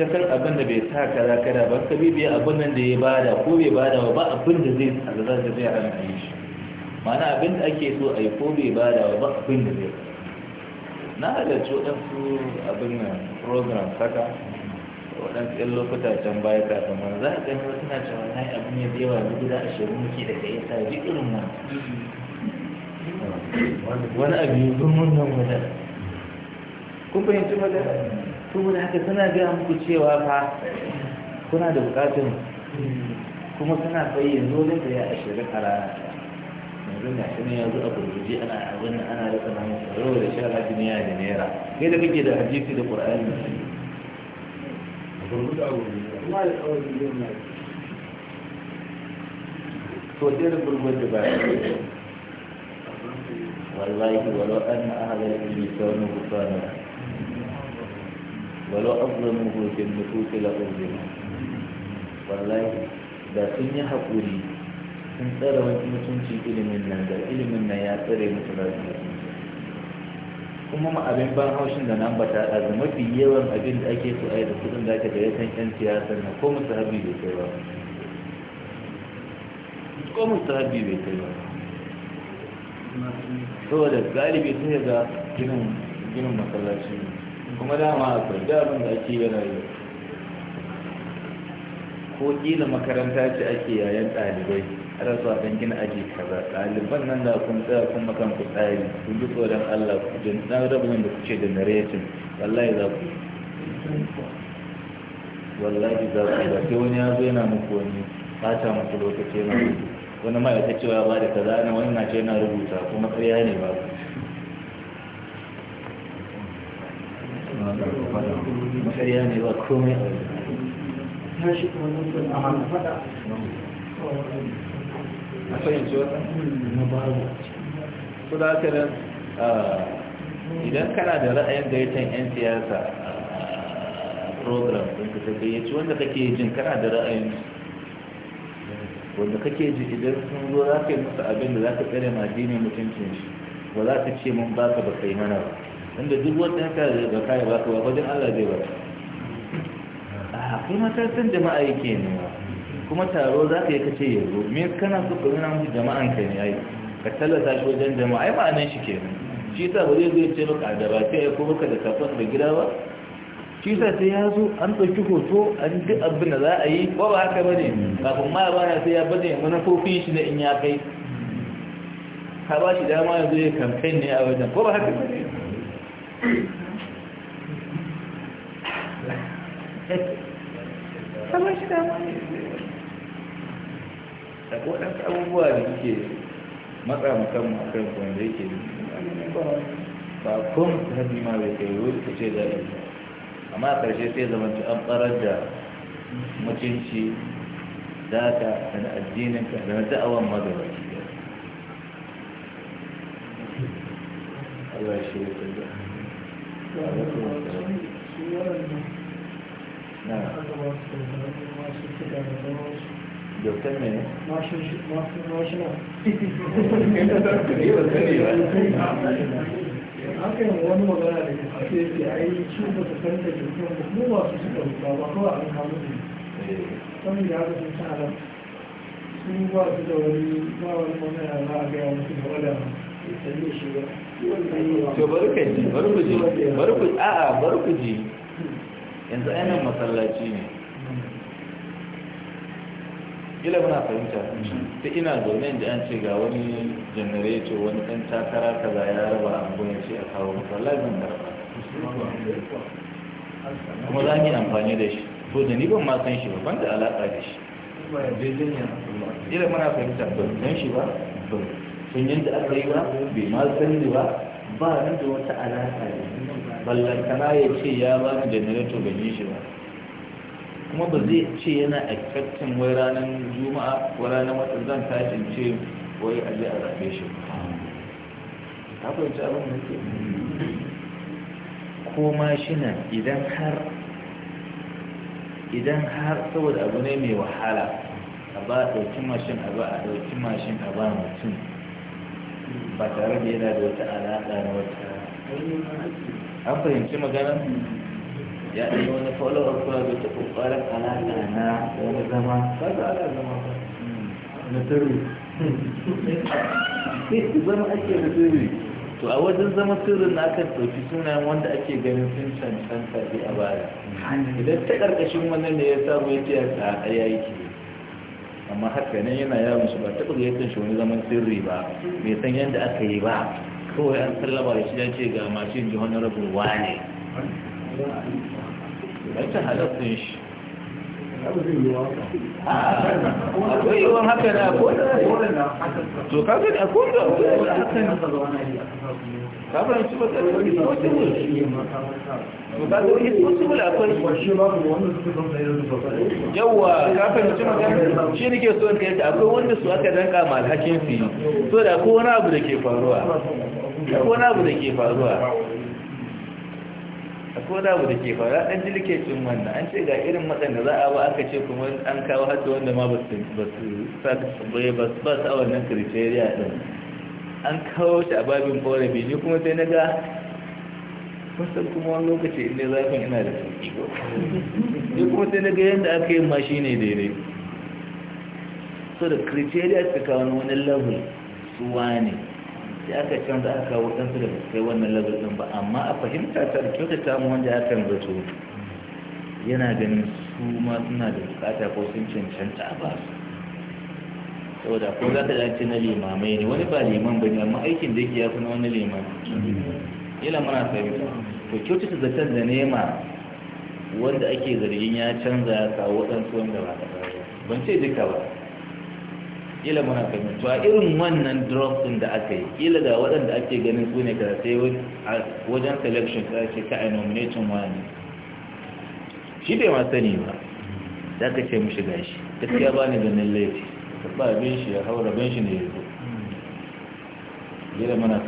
ka san abin da bai sa ka za ka da ba ka bibiya abin nan da ya bada ko bai bada ba ba abin da zai sa za ka zai hana yi shi mana abin da ake so a yi ko bai bada ba ba abin da zai na halarci waɗansu abin nan program saka waɗansu yan lokuta can baya kafin mana za a gani wasu na cewa na yi abin ya zai yawa duk da ashirin muke da kai sa ji irin wani wani abu yi zurmun nan wajen kun fahimci wajen saboda haka suna gaya muku cewa fa kuna da bukatun kuma suna bayyana nolin da ya ashirin a rana yanzu ga shi ne yanzu a gurguje ana abin da ana rika namun tsaro da shara duniya da naira kai da kake da hadisi da qur'ani to sai da gurguje ba wallahi walau an ahla ilmi sawnu bukana walau azlamuhu fil nufusi la uzlima wallahi da sun yi haƙuri sun tsara wani mutuncin ilimin nan da ilimin nan ya tsare musu rayuwa kuma ma abin ban haushin da nan bata ɗazu mafi yawan abin da ake so a yi da kudin da ake da ya san yan siyasa, na ko musu habi bai kai ba ko musu habi bai kai ba saboda galibi sai ga ginin masallaci ne kuma dama akwai daban da ake yi rayuwa ko kila makaranta ce ake yayan ɗalibai a rasuwa don gina aji kaza ɗaliban nan da kun tsaya kun makan ku tsari kun ji tsoron allah ku jin na rabin da ku ce da narratin wallahi za ku wallahi za ku ba sai wani yazo yana muku wani fata muku lokaci yana wani ma ya ta cewa ba da kaza na wani na ce yana rubuta kuma ƙarya ne ba ku ƙarya ne ba komai a da haka nan idan kana da ra'ayin gaitan 'yan siyasa program ɗin ka ta gayyaci wanda kake jin kana da ra'ayin wanda kake ji idan sun zo za ka yi musu abin da za ka tsere ma dini mutuncin shi ba za ka ce mun ba baka ba kai mana ba inda duk wanda haka zai ba kai ba ka wajen Allah zai ba a kuma san jama'a yake ne kuma taro za ka yi kace yanzu me kana so ka nuna musu jama'an ka ne ai ka tallata shi wajen jama'a ai ma'anar shi ke shi sa ba zai ce maka da ba sai ko baka da kafan da gida ba shi sa sai ya zo an ɗauki hoto an duk abin da za a yi ba ba haka ba ne kafin ma ba na sai ya bane manufofin shi na in ya kai ka ba shi dama yanzu ya kamfen ne a wajen ko ba haka ba ne kamar shi dama ne da waɗansu abubuwa da suke matsa musamman a kan wanda yake ba kun hannu ma bai kai wuri ka ce da yanzu amma a ƙarshe sai zamanta an ɓarar da mutunci za ka da addininka da na da'awan mazabaki Allah shi ya haka yin wani magana da ke fashe ke a yi su ba su san da jikin mu ba su suka rufa ba kawai an kamu ne sami da haka sun sa su ba su da wani ba wani magana za a gaya musu da wadda ya sanye shi ba to bari ka ji bari ku ji bari ku a'a bari ku ji yanzu ainihin masallaci ne ila muna fahimta ta ina zaune da an ce ga wani janareto wani ɗan takara kaza ya raba a gudun ce a kawo masallaci ban garba kuma za mu yi amfani da shi to da ni ban ma san shi ba ban da alaƙa da shi ila muna fahimta ban don shi ba sun yadda aka yi ba bai ma sani ba ba ni da wata alaƙa ne ballantana ya ce ya ba ni janareto ban yi shi ba kuma ba zai ce yana expecting wai ranar juma'a ko ranar watan zan tashin ce wai a je a zaɓe shi ta fahimci abin da ke ko shi na idan har idan har saboda abu ne mai wahala a ba a ɗauki mashin a ba a ɗauki mashin a ba mutum ba tare da yana da wata alaƙa na wata an fahimci magana ya ɗaya wani follower kuna da wata ƙoƙarin alaƙa na wani zama ba za a zama ba na sirri sai zama ake da sirri to a wajen zama sirrin na kan ɗauki sunayen wanda ake ganin sun cancanta a baya idan ta ƙarƙashin wannan da ya samu ya ce ya sa a amma haka nan yana yawon shi ba ta ya kan shi wani zaman sirri ba mai san yadda aka yi ba kawai an sallaba da shi ya ce ga mashin wancan shi akwai yawan haka na akwai to kaga akwai sabon ci masa da wani sauƙin kafin magana shi ne ke son kai ta akwai wanda su aka danka ma alhakin yi so da wani abu da ke faruwa akwai wani abu da ke faruwa da an ji wannan an ce ga irin waɗanda za a ba aka ce kuma an kawo hada wanda ma ba su ba a wannan kriteriya ɗin an kawo ta a babin ƙorafi ne kuma sai na ga kusan kuma wani lokaci inda zafin ina da sauki ko kuma sai na ga yadda aka yi mashi ne daidai so da criteria su kawo wani level suwa ne sai aka canza aka kawo ɗansu da kai wannan level ɗin ba amma a fahimta ta da ta mu wanda ya yi yana ganin su ma suna da bukata ko sun cancanta a basu saboda ko za ta dace na limamai ne wani ba liman ba ne amma aikin da yake ya fi na wani liman ila muna fahimta to kyautata zaton da nema wanda ake zargin ya canza ya kawo waɗansu wanda ba ba. ban ce duka ba ila muna fahimta to a irin wannan drop din da aka yi ila ga waɗanda ake ganin su ne kada sai wajen selection ka ce ka a nomination wani shi bai ma sani ba Da ka ce mu shiga shi gaskiya ba ni ganin laifi ba abin shi ya haura ban shi ne ya zo gida mana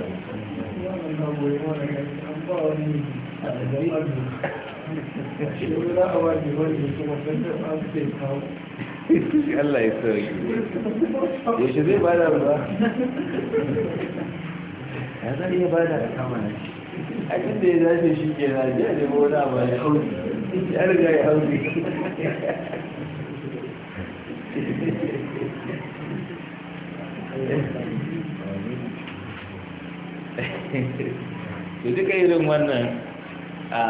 [laughs] Allah ya sauri ya shi zai bada ya iya bada a kamar a da ya zafi shi ke na jiya da ya hauri ya riga ya hauri to duka irin wannan a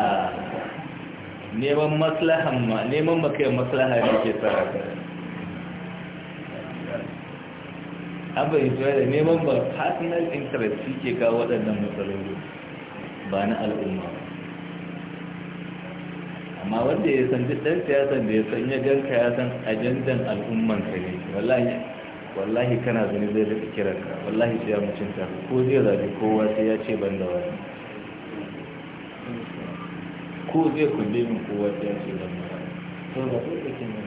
neman maslahan ma neman makai maslaha ne ke sarrafa abin da neman ba personal interest shi ke kawo waɗannan matsaloli ba na al'umma amma wanda ya san duk ya san da ya san ya ganka ya san ajandan al'umman ka ne wallahi wallahi kana zuni zai rika kiranka wallahi sai ya mutunta ko zai zabi kowa sai ya ce ban da wani ko zai kulle min kowa sai ya ce ban da wani to ba ko kake ne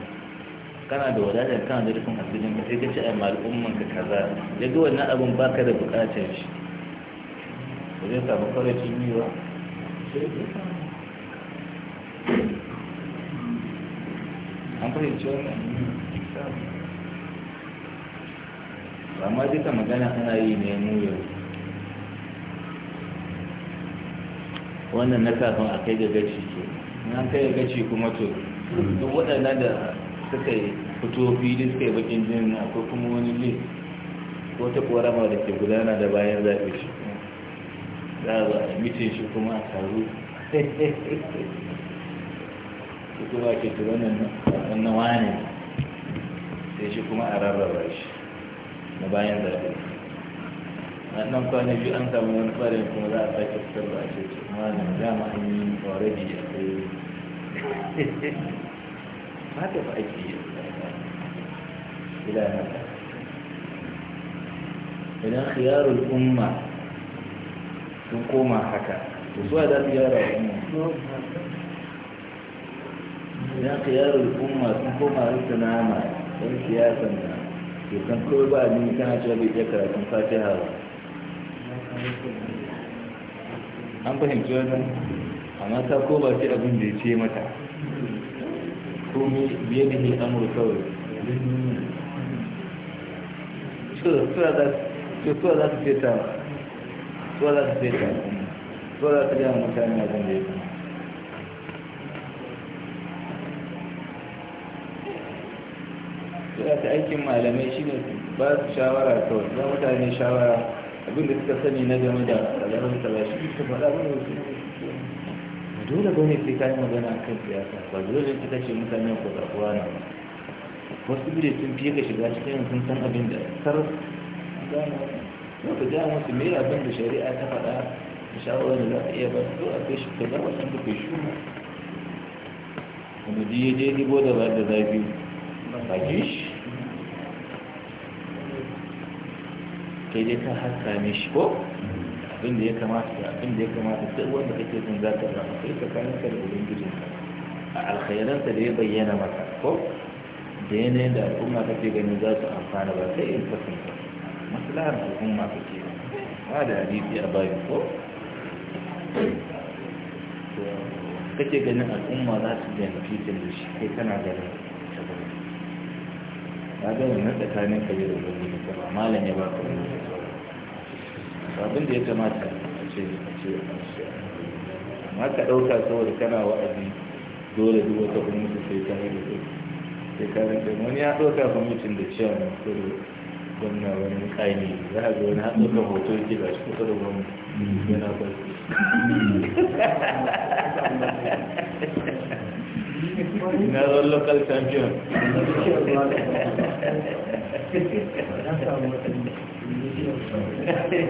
kana da wadatar kana da rufin asirin ka sai ka ce ai mal'umman ka kaza ya ga wannan abin baka da bukatar shi ba zai samu farashin yi ba an fahimci wannan amma duka magana ana yi ne mu yau wannan na kafin a kai da gaci ke na kai ga gaci kuma to duk waɗanda da suka yi fito fili suka yi bakin na akwai kuma wani ne ko ta korama da ke gudana da bayan zaɓe shi za a ba a mitin shi kuma a taru ko kuma ke turonin wannan wani sai shi kuma a rarraba shi na bayan zafi. a ɗan kwana biyu an samu wani ɓarin kuma za a sake fitar da ake ce malam dama an yi already akwai haka ba ake yi ila haka idan khiyarul umma sun koma haka to zuwa za su yara umma idan khiyarul umma sun koma rikta nama don siyasan na ke san kawai ba kan kana cewa bai iya karatun fatiha ba an fahimci wannan amma ta ko ba ce abin da ya ce mata komi biye da ne amur kawai suwa za su feta suwa za su feta suwa za su gaya mutane abin da ya ta aikin malamai shine ba su shawara kawai ba mutane shawara abinda suka sani na game da alamar talashi. shi suka faɗa mana wasu dole ba ne sai ka yi magana a kan siyasa ba dole ne kika ce mutane ko zaɓuwa na ba wasu bire sun fiye ka shiga cikin sun san abin da sar gano za ka ja musu me abin da shari'a ta faɗa da shawarar da za ka iya ba su zo a kai shi ka za wasan da kai shuma wani ji ya je ribo da ba da zafi ba ke shi kai dai ka haska ne shi ko abinda ya kamata da abinda ya kamata duk wanda kake jin za ka zama kai tsakaninka da ubangijin a alkhairansa da ya bayyana maka ko da yanayin da al'umma kake ganin za su amfana ba sai in kasance maslahar al'umma ka ke ba da hadisi a bayan ko kake ganin al'umma za su fitin da shi kai kana ganin ta gani ta ga wannan tsakanin ka yi da wani ba malam ya ba ka wani abin da ya kamata a ce a ce amma ka ɗauka saboda kana wa'azi dole duk wata gwamnati sai ta yi da kai sai ka rinka wani ya ɗauka gwamnatin da cewa na kudu gwamna wani ƙaini za a ga wani har ɗauka hoto yake ga shi kusa da gwamnati yana ba na zon local champion [laughs] [laughs] Allah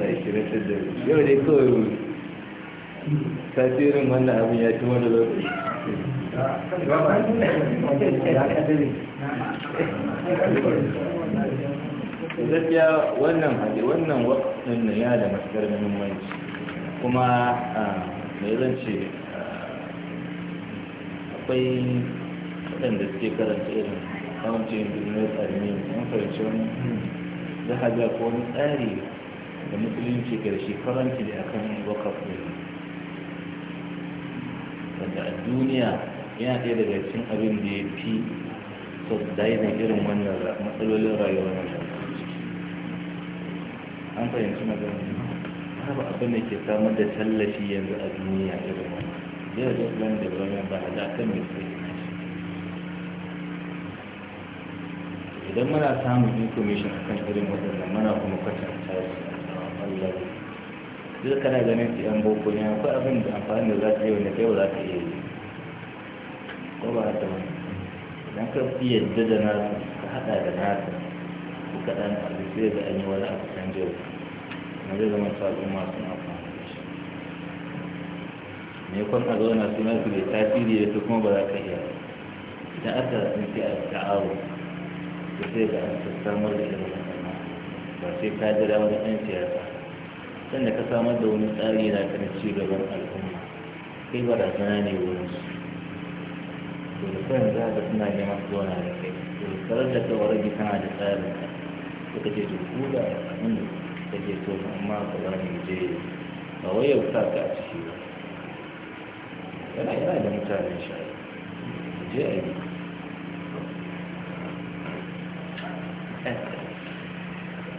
ya shirya ta da yau dai kawai tasirin wannan abin ya ci wani lokaci wannan wannan ya da matakar muhimmanci kuma ah, mai zan ce ah, akwai waɗanda suke karanta irin kawancin duniyar tsarni an fahimci wani za a ga ko wani tsari da musulunci karshe karanta da akan wakaf ne wanda a duniya yana ɗaya daga cikin abin da ya fi sau da irin wannan matsalolin rayuwar nan an fahimci magana babu abin da ke samar da tallafi yanzu a duniya irin wannan zai da plan development ba a zafin mai sai idan muna samun information akan irin waɗannan muna kuma kwatanta su a ɓangare duk kana ganin su yan boko ne akwai abin da amfani da za ka yi wanda kai ba za ka iya yi ko ba haka ba idan ka fi yadda da nasu ka haɗa da nasu ku kaɗan abu sai da an yi wani abu can jirgin. na zai zama su al'umma sun amfani da shi ne kwan a zauna suna su da tasiri da su kuma ba za ka iya idan aka sun sai a ta'awo da sai ga an samar da irin wannan ba sai ka jira wani ɗan siyasa can da ka samar da wani tsari na kan ci gaban al'umma kai ba da sana ne wurin su to da kawai za ka suna neman su zauna da kai to da tsarar da kawai rage kana da tsarin ka suka ce to ku da abin da take so amma ka za mu je ba wai yau sa ka a ciki ba yana yana da mutanen shi je a yi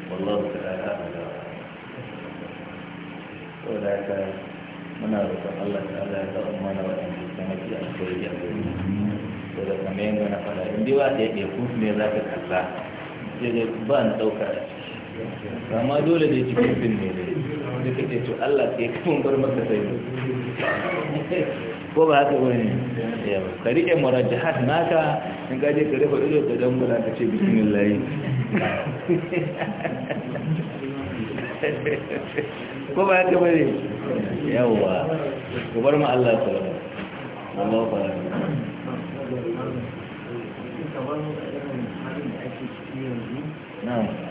wallahu ta'ala ala ko da ka muna roƙon Allah ta'ala ya zaɓa mana waɗanda ta mafi a alkhairi a gurin ko da kamar yadda na faɗa in dai ba ta ɗe ku ne za ka kalla sai dai ba ni ɗauka a ciki amma dole da ci kafin ne da kake to Allah sai kun bar maka sai ko ba haka bane yawa ka rike murajjahat naka in ka je ka rufe ido ka dan bula ka ce bismillah ko ba haka bane yawa ku bar mu Allah ta Allah ba na'am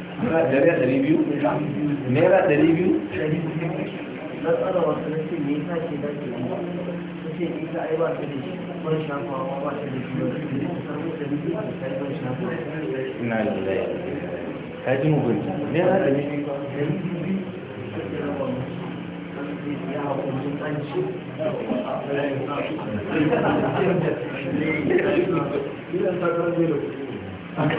naira ɗari biyu naira ɗari biyu na ka ji naira ɗari biyu Thank you. Okay.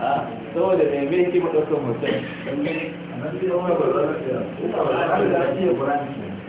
Ah, saboda da me yake mu ɗaukar mutum.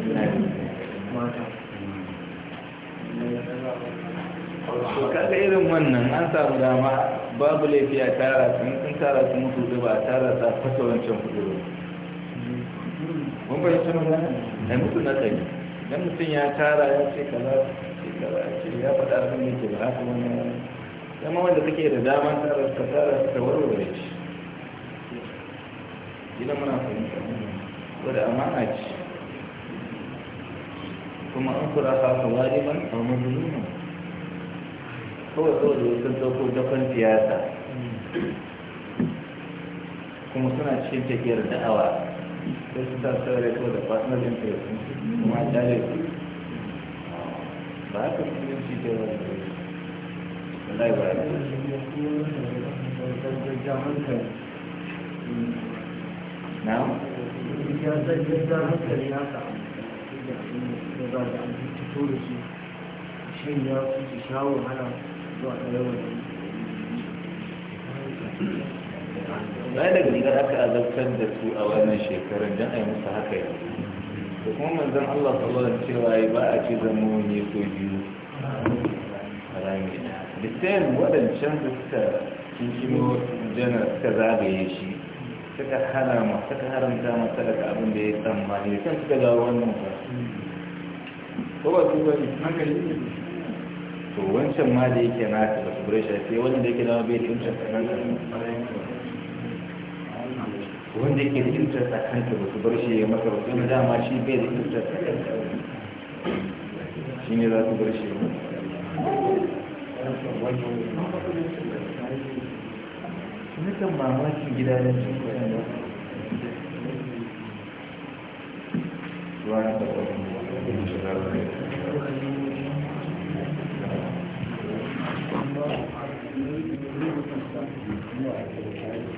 to kaga irin wannan an samu dama babu laifi a tara sun sun tara su mutu zuba, ba a tara sa fasa wancan kudu ba mun bayyana magana na mutu na tsari dan mutum ya tara ya ce kaza ce kaza ce ya faɗa abin da ke ba haka wani zama wanda kake da dama tara ka tara ka warware shi idan muna fahimta wadda amana ce kuma an kura haka wariman a mazulunan kawai kawai da sun dauko dafan siyasa kuma suna cikin tafiyar da'awa sai su sa saurari ko da personal interest kuma a dare su ba haka su yin shi da wani wallahi ba da na? ya zai jirgin hankali haka da za da an fito da su shanya su su sha wahala zuwa ɗaya wani bayan daga idan aka azabtar da su a wannan shekarar don a yi musu haka yanzu da kuma manzan Allah sallallahu cewa ya ba a ce zama ne ko biyu a rami da sayan waɗancan da suka kinkino janar suka zagaye shi suka hana ma suka haramta masa daga abin da ya tsammani da kan suka ga wannan ba ko ba su ba ne to wancan ma da yake na ta basu su bure shi sai da yake da bai tunta wanda yake da tunta tsakanta ba su bar shi ya maka ba sai dama shi bai da tunta tsakanta shi ne za su bar shi ya maka Nukan mamakin gidanen cikin kwanan Thank you.